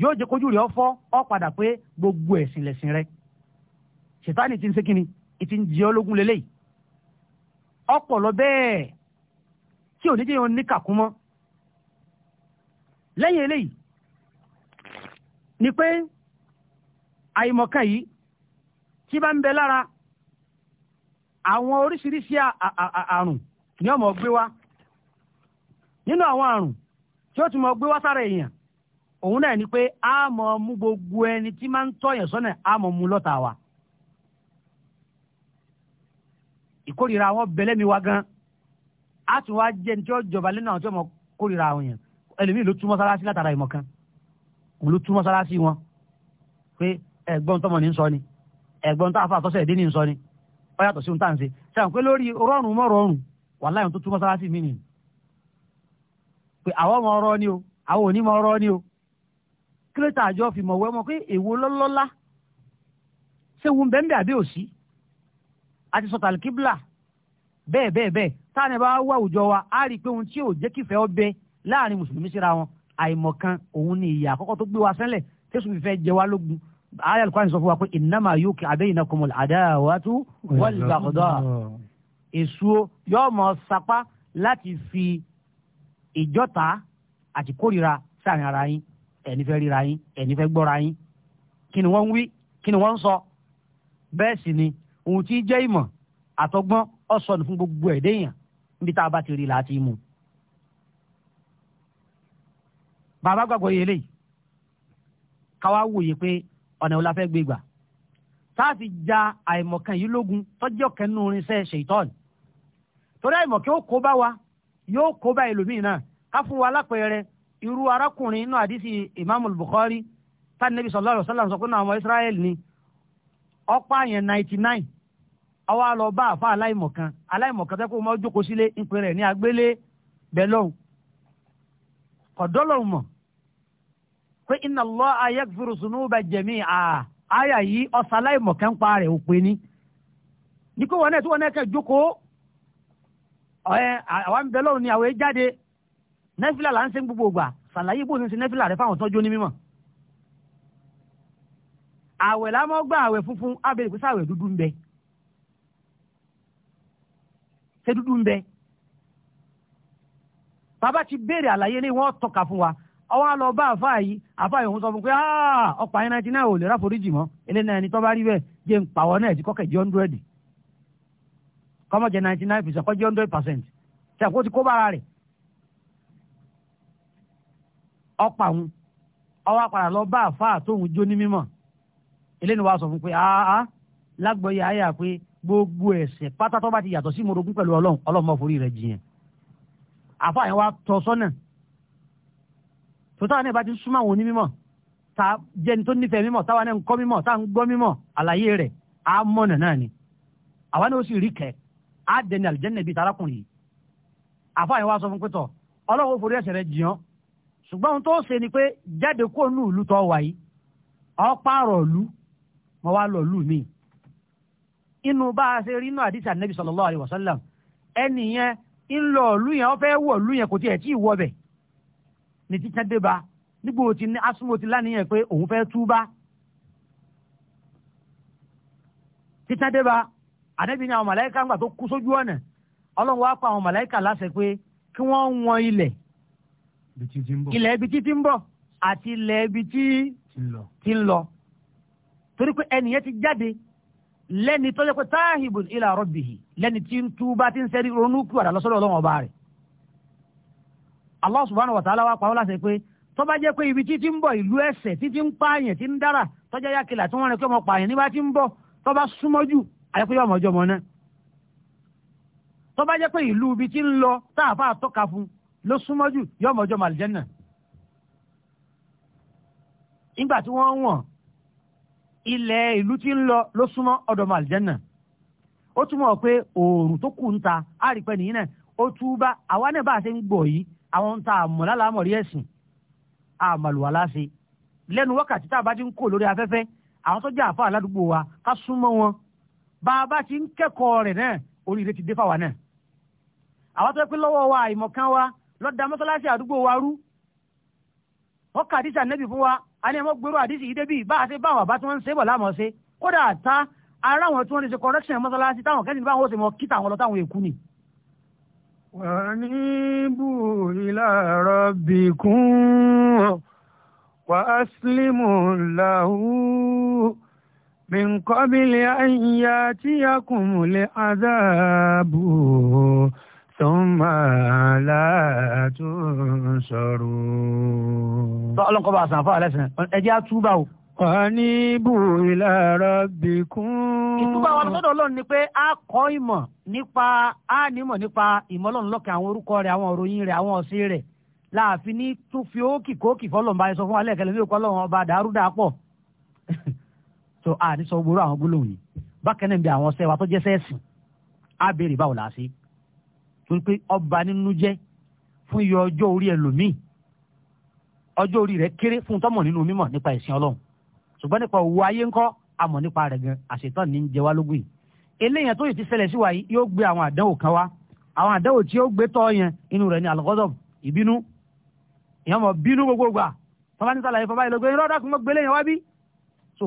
yóò jẹ́ kójú rẹ̀ ọ fọ́ ọ padà pé gbogbo ẹ̀sìn lẹ̀sìn rẹ ṣètọ́ni ti ń ṣe kíni ìti ń jẹ́ ológun lélẹ́yìí ọpọlọ bẹ́ẹ̀ tí ò ní pé àìmọ̀kan yìí tí bá ń bẹ lára àwọn oríṣiríṣi àrùn ni ó máa gbé wá nínú àwọn àrùn tí ó ti máa gbé wá sára èèyàn òun náà ni pé a máa mú gbogbo ẹni tí máa ń tọ̀yàn sọ́nà a máa mú lọ́tà wa ìkórìíra àwọn bẹlẹ́mi wa gan a tún wá jẹ́ ní tí ó jọba lẹ́nu àwọn tí ó máa kórìíra àwọn yẹn ẹlòmíì ló tú mọ́sálásí látara ìmọ̀ òun ló tú mọ́sálásí wọn pé ẹ̀gbọ́n tọmọ ní sọ ni ẹ̀gbọ́n tó afa àtọ́sẹ̀ ẹ̀dín ní sọ ni ó yàtọ̀ sí ohun tá à ń ṣe sẹ́wọ̀n pé lórí rọrùn mọ́ rọrùn wàláhì tó túmọ̀ sára sí mi nìyí pé àwọn ọmọ ọ̀rọ̀ ni o àwọn òní mọ ọ̀rọ̀ ni o kílẹ̀tà àjọ fi mọ̀ wẹ́mọ pé èwo lọ́lọ́lá ṣé wù bẹ́ńbẹ́ àbí òsì àti sọ̀tàlì kíbla bẹ́ẹ̀ bẹ́ẹ̀ bẹ́ẹ̀ táwọn ẹ̀bá wà àwùjọ wa á rí i pé ohun tí ò jẹ́ kífẹ́ ọbẹ̀ láàrin mùsùlùmí síra wọn àìmọ̀kan òun ni ìyà àkọ́kọ́ tó gbé wa sẹ́lẹ̀ tẹ́sùn fífẹ́ jẹ wá lógun ayé alukóhánì sọ fún wa pé innama yuki abaynakumul adawatu wal baghdha èso yóò mọ sapá láti fi ìjọta àti kórìíra sáàrin ara yín ẹni fẹ́ ríra yín ẹni fẹ́ gbọ́ra yín kí ni wọ́n ń wí sọ bẹ́ẹ̀ sì ni ohun tí jẹ́ ìmọ̀ àtọgbọ́n ọ̀sọ̀nù fún gbogbo ẹ̀dẹ́ níbi tá a bá ti rí láti mú. bàbá gbàgbọ́ yẹlẹ́yìí káwá wòye pé ọ̀nà wo la fẹ́ gbé gbà táàfi ja àìmọ̀kan yìí lógun tọ́jú ọ̀kẹ́ nínú irinṣẹ́ ṣèitọ́n torí àìmọ̀kan ó kó bá wa yóò kó bá ẹlòmíì náà ká fún wa lápẹẹrẹ irú arákùnrin inú àdísì ìmáàmù Bukhari táni níbi sallallahu alaihi wasallam sọ pé àwọn Israẹli ni ọ̀pá yẹn ninety nine àwa lọ bá àfa aláìmọ̀kan aláìmọ̀kan tẹ́kọ̀ ọmọ jókòó sílé ń pè rẹ̀ ní agbélé bẹ́lọ́hùn kọ̀dọ́lọ́hùn mọ̀ pé inna Allaha yaghfiru dhunuba jami'a àyà yìí ọ̀sán aláìmọ̀kẹ́ ń pa rẹ̀ ò pé ní. ní kó wọn náà tí wọn náà kẹ́ jókòó ọ̀ẹ́ àwọn bẹ́ẹ̀ lọ́rùn ni àwọn èèyàn jáde nẹ́fìlà là ń ṣe gbogbo ògbà ṣàlàyé bó ṣe ń ṣe nẹ́fìlà fáwọn tọ́jú ní mímọ̀. àwẹ̀ lámọ́ gbà àwẹ̀ funfun abẹ́rẹ́ ìpèsè àwẹ̀ dúdú ń bẹ ṣé dúdú ń bẹ bàbá ti béèrè àlàyé ní wọ́n tọ́ka fún wa ọwọ́ á lọ bá àfáà yìí àfáà yòówù sọ fún pé ah, ọ̀pá yẹn náà ti náà ò lè ráforíjì mọ́ eléyìí náà ni tọ́ bá rí bẹ́ẹ̀ jẹ́ ń pàwọ́ náà ti kọ́kẹ́ jẹ́ hundred kọ́mọ jẹ́ ninety nine percent kọ́ jẹ́ hundred percent ṣàkóso ti kó bára rẹ̀ ọ̀pá òun ọwọ́ padà lọ bá àfáà tóun jó ní mímọ́ eléyìí wàá sọ fún pé áá lágbọ̀ọ́yà ayà pé gbogbo ẹ̀ṣẹ̀ pátá tó bá ti yàtọ̀ sí morogún pẹ̀lú ọlọ́run ọlọ́run mọ́ forí rẹ̀ jiyàn àfáà yẹn wàá tọ́ sọ́nà tó táwọn náà bá ti súnmọ́ àwọn onímọ̀ tá jẹni tó nífẹ̀ẹ́ mímọ̀ táwọn náà ń kọ́ mímọ̀ tá ń gbọ́ mímọ̀ àlàyé rẹ̀ á mọ̀nà náà ni àwa náà ó sì rí kẹ́ á dẹni àlìjẹ́nà bíi tarakùnrin yìí àfa yẹn wá sọ fún pé tọ̀ ọlọ́wọ́ forí ẹ̀ṣẹ̀ rẹ̀ jìyàn ṣùgbọ́n ohun tó ṣe ni pé jáde kó nù ìlú tó wà yìí ọ̀páàrọ̀ ìlú mo wá lọ ìlú mi inú bá a ṣe rí inú àdìsí ànábì sallallahu alaihi ẹnì yẹn ń lọ ìlú yẹn ó fẹ́ wọ̀ ìlú yẹn kò tiẹ̀ tí ì wọ bẹ́ẹ̀ ní títẹ́ dé ba nígbà wo ti ní asúnmọ́ ti láníyàn pé òun fẹ́ túbá títẹ́ dé ba àdébí ni àwọn màláìka ńgbà tó kú sójú ọ̀nà ọlọ́run wá pa àwọn màláìka láṣẹ pé kí wọ́n wọn ilẹ̀ ilẹ̀ ibi títí ń bọ̀ àti ilẹ̀ ibi tí ti ń lọ torí pé ẹnìyẹn ti jáde lẹ́ni tó yẹ pé táàhìbù ìlà rọ̀bìhì lẹ́ni tí ń túbá ti ń sẹ́rí ronú kúwàdà lọ́sọ́dọ̀ ọlọ́run ọba rẹ̀ Allah subhanahu wa ta'ala wa pa ọ́ láṣẹ pé tó bá jẹ́ pé ibi títí ń bọ̀ ìlú ẹ̀sẹ̀ títí ń pààyàn tí ń dára tọ́jà yàkìlà tí wọ́n rẹ̀ pé ọmọ pààyàn níbà tí ń bọ̀ tó bá súnmọ́ jù àyẹ̀pẹ́ yóò mọ̀jọ́ mọ́ náà. tó bá jẹ́ pé ìlú ibi tí ń lọ táàfà tọ́ka fún ló súnmọ́ jù yóò mọ̀jọ́ màlìjẹ́nà. nígbà tí wọ́n wọ̀n ilẹ̀ ìlú tí ń lọ ló súnmọ́ ọ̀dọ̀ màlìjẹ́nà. ó túmọ̀ pé òòrùn tó kù ń ta á rí pẹ́ nìyí náà ó túbá àwa náà bá a ṣe ń gbọ̀ yìí àwọn tá a mọ̀ lálàámọ̀ rí ẹ̀sìn àmàlùwà láṣẹ lẹ́nu wákàtí tá a bá ti ń kó lórí afẹ́fẹ́ àwọn tó jẹ́ àfa aládùúgbò wa ká súnmọ́ wọn bá a bá ti ń kẹ́kọ̀ọ́ rẹ̀ náà oríire ti dé fáwa náà àwọn tó yẹ pé lọ́wọ́ wa àìmọ̀kan wa lọ́dà mọ́sálásí àdúgbò wa rú wọ́n ka àdìsí ànẹ́bì fún wa a ní ẹ̀mọ́ gbèrú àdìsí yìí débì bá a ṣe bá àwọn àbá tí wọ́n ń وأنيبوا إلى ربكم وأسلموا له من قبل أن يأتيكم العذاب ثم لا تنصرون. tọ́ anibu ila rabbikum. ìtúbà wa lọ́dọ̀ ọlọ́run ni pé a kọ́ ìmọ̀ nípa a nímọ̀ nípa ìmọ̀ ọlọ́run lọ́kẹ́ àwọn orúkọ rẹ̀ àwọn òròyìn rẹ̀ àwọn ọ̀sìn rẹ̀ láàfin ní tún ókì kókì fọlọ́n bá yẹ sọ fún alẹ́ kẹlẹ́ lóko ọlọ́run ọba dàrúdà pọ̀ tó a ní sọ gbòòrò àwọn gbólóhùn yìí bákan bí àwọn ọsẹ wa tó jẹ́ sẹ́ẹ̀sì á béèrè báwo là á sí torí pé ọba nínú jẹ́ fún iye ọjọ́ orí ẹlòmíì ọjọ́ orí rẹ̀ kéré fún tọ́mọ̀ nínú mímọ̀ nípa ìsìn ọlọ́run ṣùgbọ́n nípa òwò ayé ńkọ́ àmọ̀ nípa rẹ̀ gan àṣetán ní ń jẹ wá lógún yìí eléyàn tó yìí ti ṣẹlẹ̀ sí wa yìí yóò gbé àwọn àdánwò kan wá àwọn àdánwò tí yóò gbé tọ́ yẹn inú rẹ̀ ní alghadab ìbínú ìyẹn mọ̀ bínú gbogbo gbà tọ́ba ní sàlàyé bàbá ìlọgbẹ́ yìí lọ́dọ̀ kún gbélé yẹn wá bí so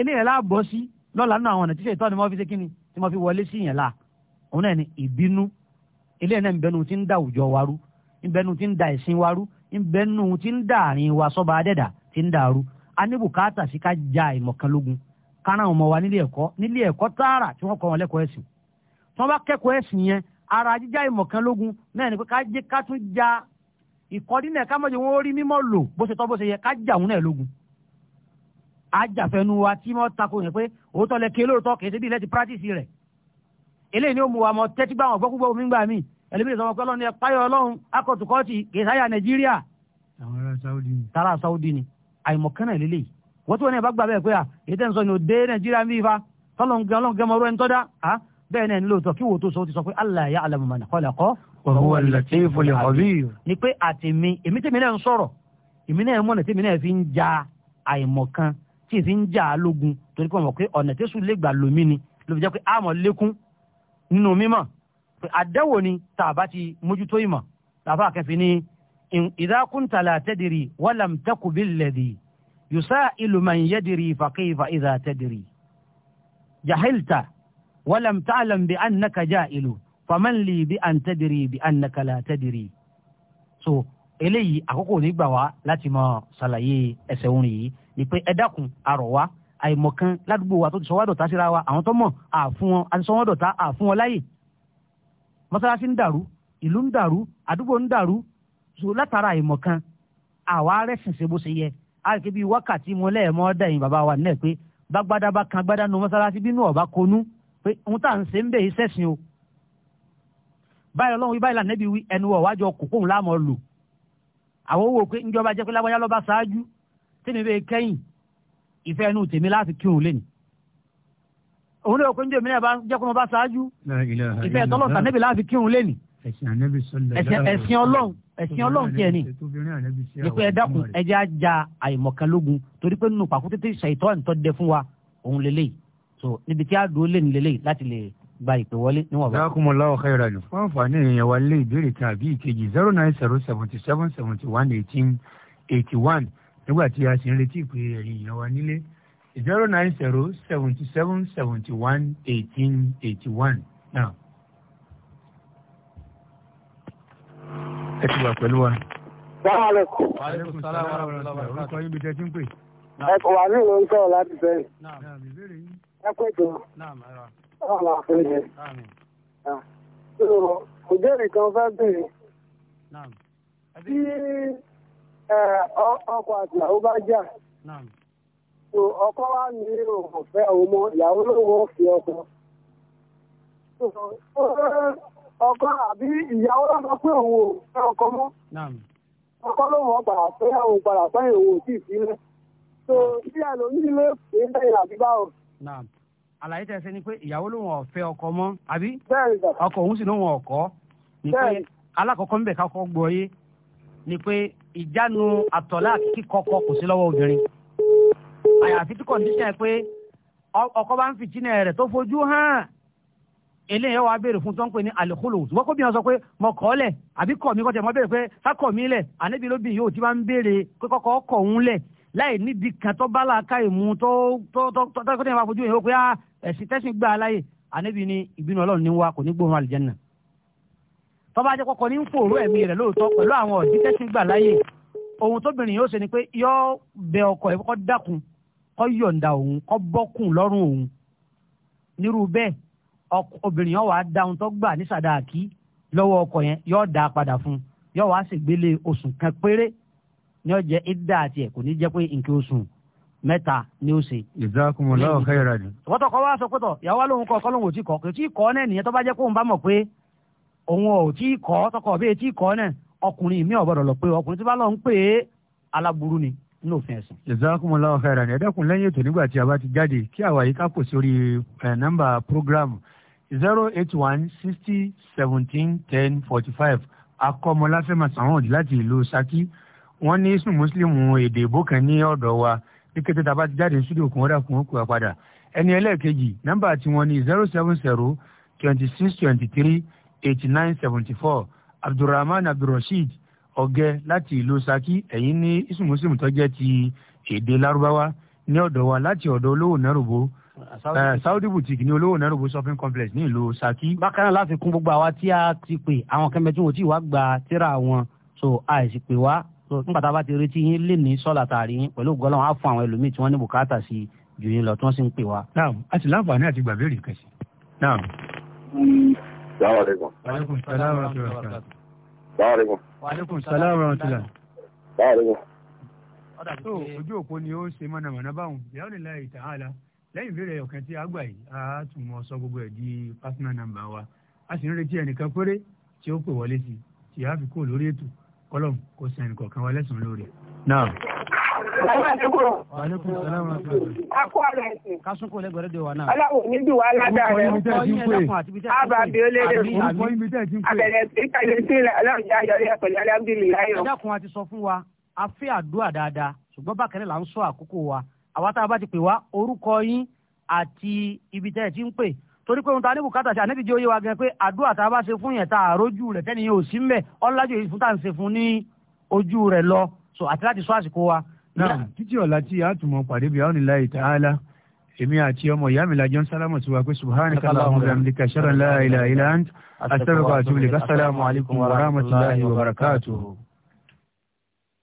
eléyàn láàbọ̀ sí lọ́la nínú àwọn ọ̀nà tí ni wọ́n fi ṣe kíni tí wọ́n fi wọlé sí ni ìbínú eléyàn a ní bùkátà sí ká ja ìmọ̀kànlógún kárán àwọn ọmọ wa nílé ẹ̀kọ́ nílé ẹ̀kọ́ tààrà tí wọ́n kọ́ wọn lẹ́kọ̀ọ́ ẹ̀sìn tí wọ́n bá kẹ́kọ̀ọ́ ẹ̀sìn yẹn ara jíjá ìmọ̀kànlógún náà ni pé ká jẹ́ ká tún ja ìkọ́dínà ká mọ̀jẹ̀ wọn ó rí mímọ́ lò bó ṣe tọ́ bó ṣe yẹ ká jà wọn náà lógun ajàfẹnu wa tí wọ́n tako yẹn pé òótọ́ lẹ kí olóòótọ́ kì í ṣe bí ilẹ̀ ti pírátìsì rẹ̀ eléyìí ni ó mu wa tẹ́tí gbà wọ́n gbọ́kúgbọ́ omi gbà mí ẹlẹ́bí ìsọmọ pé ọlọ́run ẹ páyọ ọlọ́run akọ̀tùkọ́tì kì nàìjíríà. àwọn ará saudi ni. tara saudi ni àìmọ̀kánná ìlélẹ̀ yìí wọ́n tí wọ́n ní ẹ̀bá gbà bẹ́ẹ̀ pé à èyí tẹ́ ń sọ ni òde nàìjíríà ń bí ifá tọ́lọ́ngẹ ọlọ́ngẹmọ ọ̀rọ̀ ẹni tọ́dá à bẹ́ẹ̀ náà ní lóòótọ́ kí wòó tó sọ ó ti sọ pé Allah ya'lamu man khalaqa wa huwa al-latiful khabir. ni pé àtẹ̀mí èmi tẹ̀mí náà ń sọ̀rọ̀ èmi náà mọ̀nà tẹ̀mí náà fi ń ja àìmọ̀kan tí ì fi ń ja lógun torí pé mọ̀ pé ọ̀nà tẹ́sù lè gbà lómi ni ló fi jẹ́ pé àmọ̀ lékún إذا كنت لا تدري ولم تك بالذي يسائل من يدري فكيف إذا تدري جهلت ولم تعلم بأنك جائل فمن لي بأن تدري بأنك لا تدري so eléyìí àkókò nígbà wá láti mọ ṣàlàyé ẹsẹ̀ orin yìí ni pé ẹ dákun àrọ̀ wá àìmọ̀kan ládùúgbò wa tó ti sọwọ́ dọ̀tá síra wa àwọn tó mọ̀ àfún wọn àti sọwọ́ dọ̀tá àfún wọn láyè mọ́sálásí ń dàrú ìlú ń dàrú àdúgbò ń dàrú so látara ìmọ̀ kan àwa rẹ̀sìn ṣe bó ṣe yẹ àìkè bíi wákàtí mo lẹ́ẹ̀mọ́ dà yín bàbá wa nílẹ̀ pé gbàgbádá bá kan gbádá nu mọ́sálásí bínú ọ̀bá konú pé òun tà ń ṣe ń bẹ̀ yìí sẹ́sìn o báyìí ọlọ́run wí báyìí lànà ẹbí wí ẹnu ọ̀wájọ kòkóhùn láàmú lò àwọn owó pé njọba jẹ́ pé lágbájá lọ́ba ṣáájú tèmi bẹ́ẹ̀ kẹ́yìn ìfẹ́ ẹnu tèmi láti kírun lẹ́nu òun lè kó njẹ́ mi náà bá jẹ́ kó ẹ̀sìn ọlọ́run tiẹ̀ ni wípé ẹ dákun ẹ jẹ́ àjà àìmọ̀kànlógún torí pé nínú pàkútété ṣàìtọ́ àǹtọ́ dẹ fún wa òun lélẹ́yìí so níbi tí a dúró lé ní lélẹ́yìí láti lè gba ìpè wọlé níwọ̀n bá. dákun mọ̀lá ọ̀kẹ́ ìrà lò fún àǹfààní èèyàn wa lé ìbéèrè kan àbí ìkejì zero nine zero seventy seven seventy one eighteen eighty one nígbà tí a sì ń retí ìpè èèyàn wa nílé zero nine zero seventy seven seventy one eighteen eighty one now. ẹ ti wà pẹ̀lú wa. salaamaleykum. waaleykum salaam wa rahmatulah. orúkọ yín bí tẹ́tí ń pè. ẹ kò wà ní ìlú sọ̀rọ̀ láti sẹ́yìn. ẹ pé jù. ọ̀la àfẹ́jẹ. òjèrè kan fẹ́ bèrè. tí ọkọ àti ìyàwó bá jà. ọkọ wa ní òfò fẹ́ òun mọ́ ìyàwó lòun ò fi ọkọ ọkọ àbí ìyàwó lọ́sọ pé òun ò fẹ́ ọkọ mọ́ ọkọ ló mọ̀ padà fẹ́ òun padà fẹ́ òun ò tí ì sílẹ̀ so bí ẹlòmíì lè pè é bẹ́ẹ̀ àbí báwo. àlàyé tẹ ṣe ni pé ìyàwó ló wọn ọ̀fẹ́ ọkọ mọ́ àbí ọkọ òun sì ló wọn ọkọ ni pé alákọ̀ọ́kọ́ ń bẹ̀ kákọ́ gbọ́ yé ni pé ìjánu àtọ̀lá kíkọ́kọ́ kò sí lọ́wọ́ obìnrin àyàfi tí kọ̀ǹdíṣàn pé ọkọ bá ń fi jìnnà rẹ̀ tó fojú hàn eléyìí wa béèrè fún tó ń pè ní alikolo ṣùgbọ́n kó bìyàn sọ pé mo kọ́ lẹ̀ àbí kọ̀ mí kọ́tẹ̀ mo béèrè pé sákọ̀ mí lẹ̀ ànábi ló bì yóò ti bá ń béèrè pé kọ́kọ́ kọ̀ ń lẹ̀ láì níbi kan tó bá làákà ìmú tó tó tó tó tó tó fojú yìí ó pé ah, ẹ̀sìn tẹ́sìn gbà láyè ànábi ni ìbínú ọlọ́run ní wa kò ní gbóhùn àlìjẹ́nà tọ́ba jẹ́ kọ́kọ́ ní ń fòrò ẹ̀mí ni pé yọ bẹ ọkọ ẹ̀ kọ́ dákun kọ́ obìnrin yóò wá dáhùn tó gbà ní sàdáàkì lọ́wọ́ ọkọ yẹn yóò dá a padà fún un yóò wá ṣègbélé oṣù kan péré ni ó jẹ ìdá àti ẹ̀ kò ní jẹ́ pé nǹkan oṣù mẹ́ta ni ó ṣe. jazakumullahu khairan ni. wọ́n tọkọ wá sọ pé tọ̀ ìyàwó lòun kọ́ ọkọ lòun ò tí kọ́ kò tí kọ́ náà nìyẹn tó bá jẹ́ pé òun bá mọ̀ pé òun ò tí kọ́ tọkọ bẹ́ẹ̀ tí kọ́ náà ọkùnrin mi ò gbọ́dọ̀ lọ pé ọkùnrin tí bá lọ ń pè é aláburú ni ní òfin ẹ̀sìn. jazakumullahu khairan ni ẹ̀dẹ́kun lẹ́yìn ètò nígbà tí a bá ti jáde kí àwa yìí ká pò sórí nọ́mbà prógráàmù zero eight one sixty seventeen ten forty five akọ́mọláfẹ́ masanwóòdì láti ìlú Ṣakí wọ́n ní sùn mùsùlùmù èdè ìbò kan ní ọ̀dọ̀ wa ní kété tá a bá ti jáde studio kún ọ̀dà kún òkú àpadà ẹni ẹlẹ́ẹ̀kejì nọ́mbà tiwọn ní zero seven zero twenty six twenty three eighty nine seventy four abdulrahman abdulrasheed ọ̀gẹ́ láti ìlú Ṣakí ẹ̀yìn ní sùn mùsùlùmù tó jẹ́ ti èdè lárúbáwá ní ọ̀dọ̀ wa láti ọ̀dọ̀ olówó nàrúbó Eh, saudi boutique ní olówó nairobi shopping complex ní ìlú saki. bákan náà láti kún gbogbo àwa tí a ti pè àwọn kẹmẹ tí wọn ti wá gba tíra wọn so àìsí pè wá nígbà tá a bá ti retí yín lè ní sọ́ọ̀lá tààrí yín pẹ̀lú gọ́lọ́n á fún àwọn ẹlòmíì tí wọ́n ní bùkátà sí jù yín lọ tí wọ́n sì ń pè wá. naam a ti láǹfààní àti gbàgbé rè kẹsì. naam. salaamu aleykum. waaleykum salaam wa rahmatulah. waaleykum salaam wa rahmatulah. waaleykum. ọ̀dà tó ojú òpó ni ó ṣe mọ̀nàmọ́ná báwọn ìyá ò ìtàn lẹ́yìn ìbéèrè ọ̀kan tí a gbà yìí a tún mọ sọ gbogbo ẹ̀ di personal number wa a sì ń retí ẹnìkan péré tí ó pè wọlé sí tí a fi kó lórí ètò kọlọm kó san ẹnìkọ̀ọ̀kan wa lẹ́sàn-án lórí. náà. aleykum salaam wa rahmatulahi. a kó àlọ́ ẹ̀sìn. kásùnkò lẹ́gbẹ̀rẹ́ de wa náà. aláwo ní bí wàá ládà rẹ. àbá bí ó léde fún. àbẹ̀rẹ̀ sí kàlẹ́ sí aláwọ̀ ìyá yọrí ẹ̀ pẹ̀lú alábìlì láyọ̀. ẹ dákun a ti sọ fún wa a fẹ́ àdúrà dáadáa ṣùgbọ́n bákẹ́rẹ́ là ń sọ àkókò wa àwa tá a bá ti pè wá orúkọ yín àti ibi tẹ́ ẹ ti ń pè torí pé ohun tá a ní bùkátà sí ànábìjì oyè wa gan pé àdúrà tá a bá ṣe fún yẹn tá a rójú rẹ̀ tẹ́ni yẹn ò sí mbẹ̀ ọ̀làjò yìí fún tá à ń ṣe fún ní ojú rẹ̀ lọ so àti láti sọ àsìkò wa. náà títí ọ̀la tí a tún mọ pàdé bí àwọn ìlà ìtaala èmi àti ọmọ ìyá mi lajọ ń sálámù sí wa pé subhanaka allahumma wa bihamdika ashhadu an la ilaha illa anta astaghfiruka wa atubu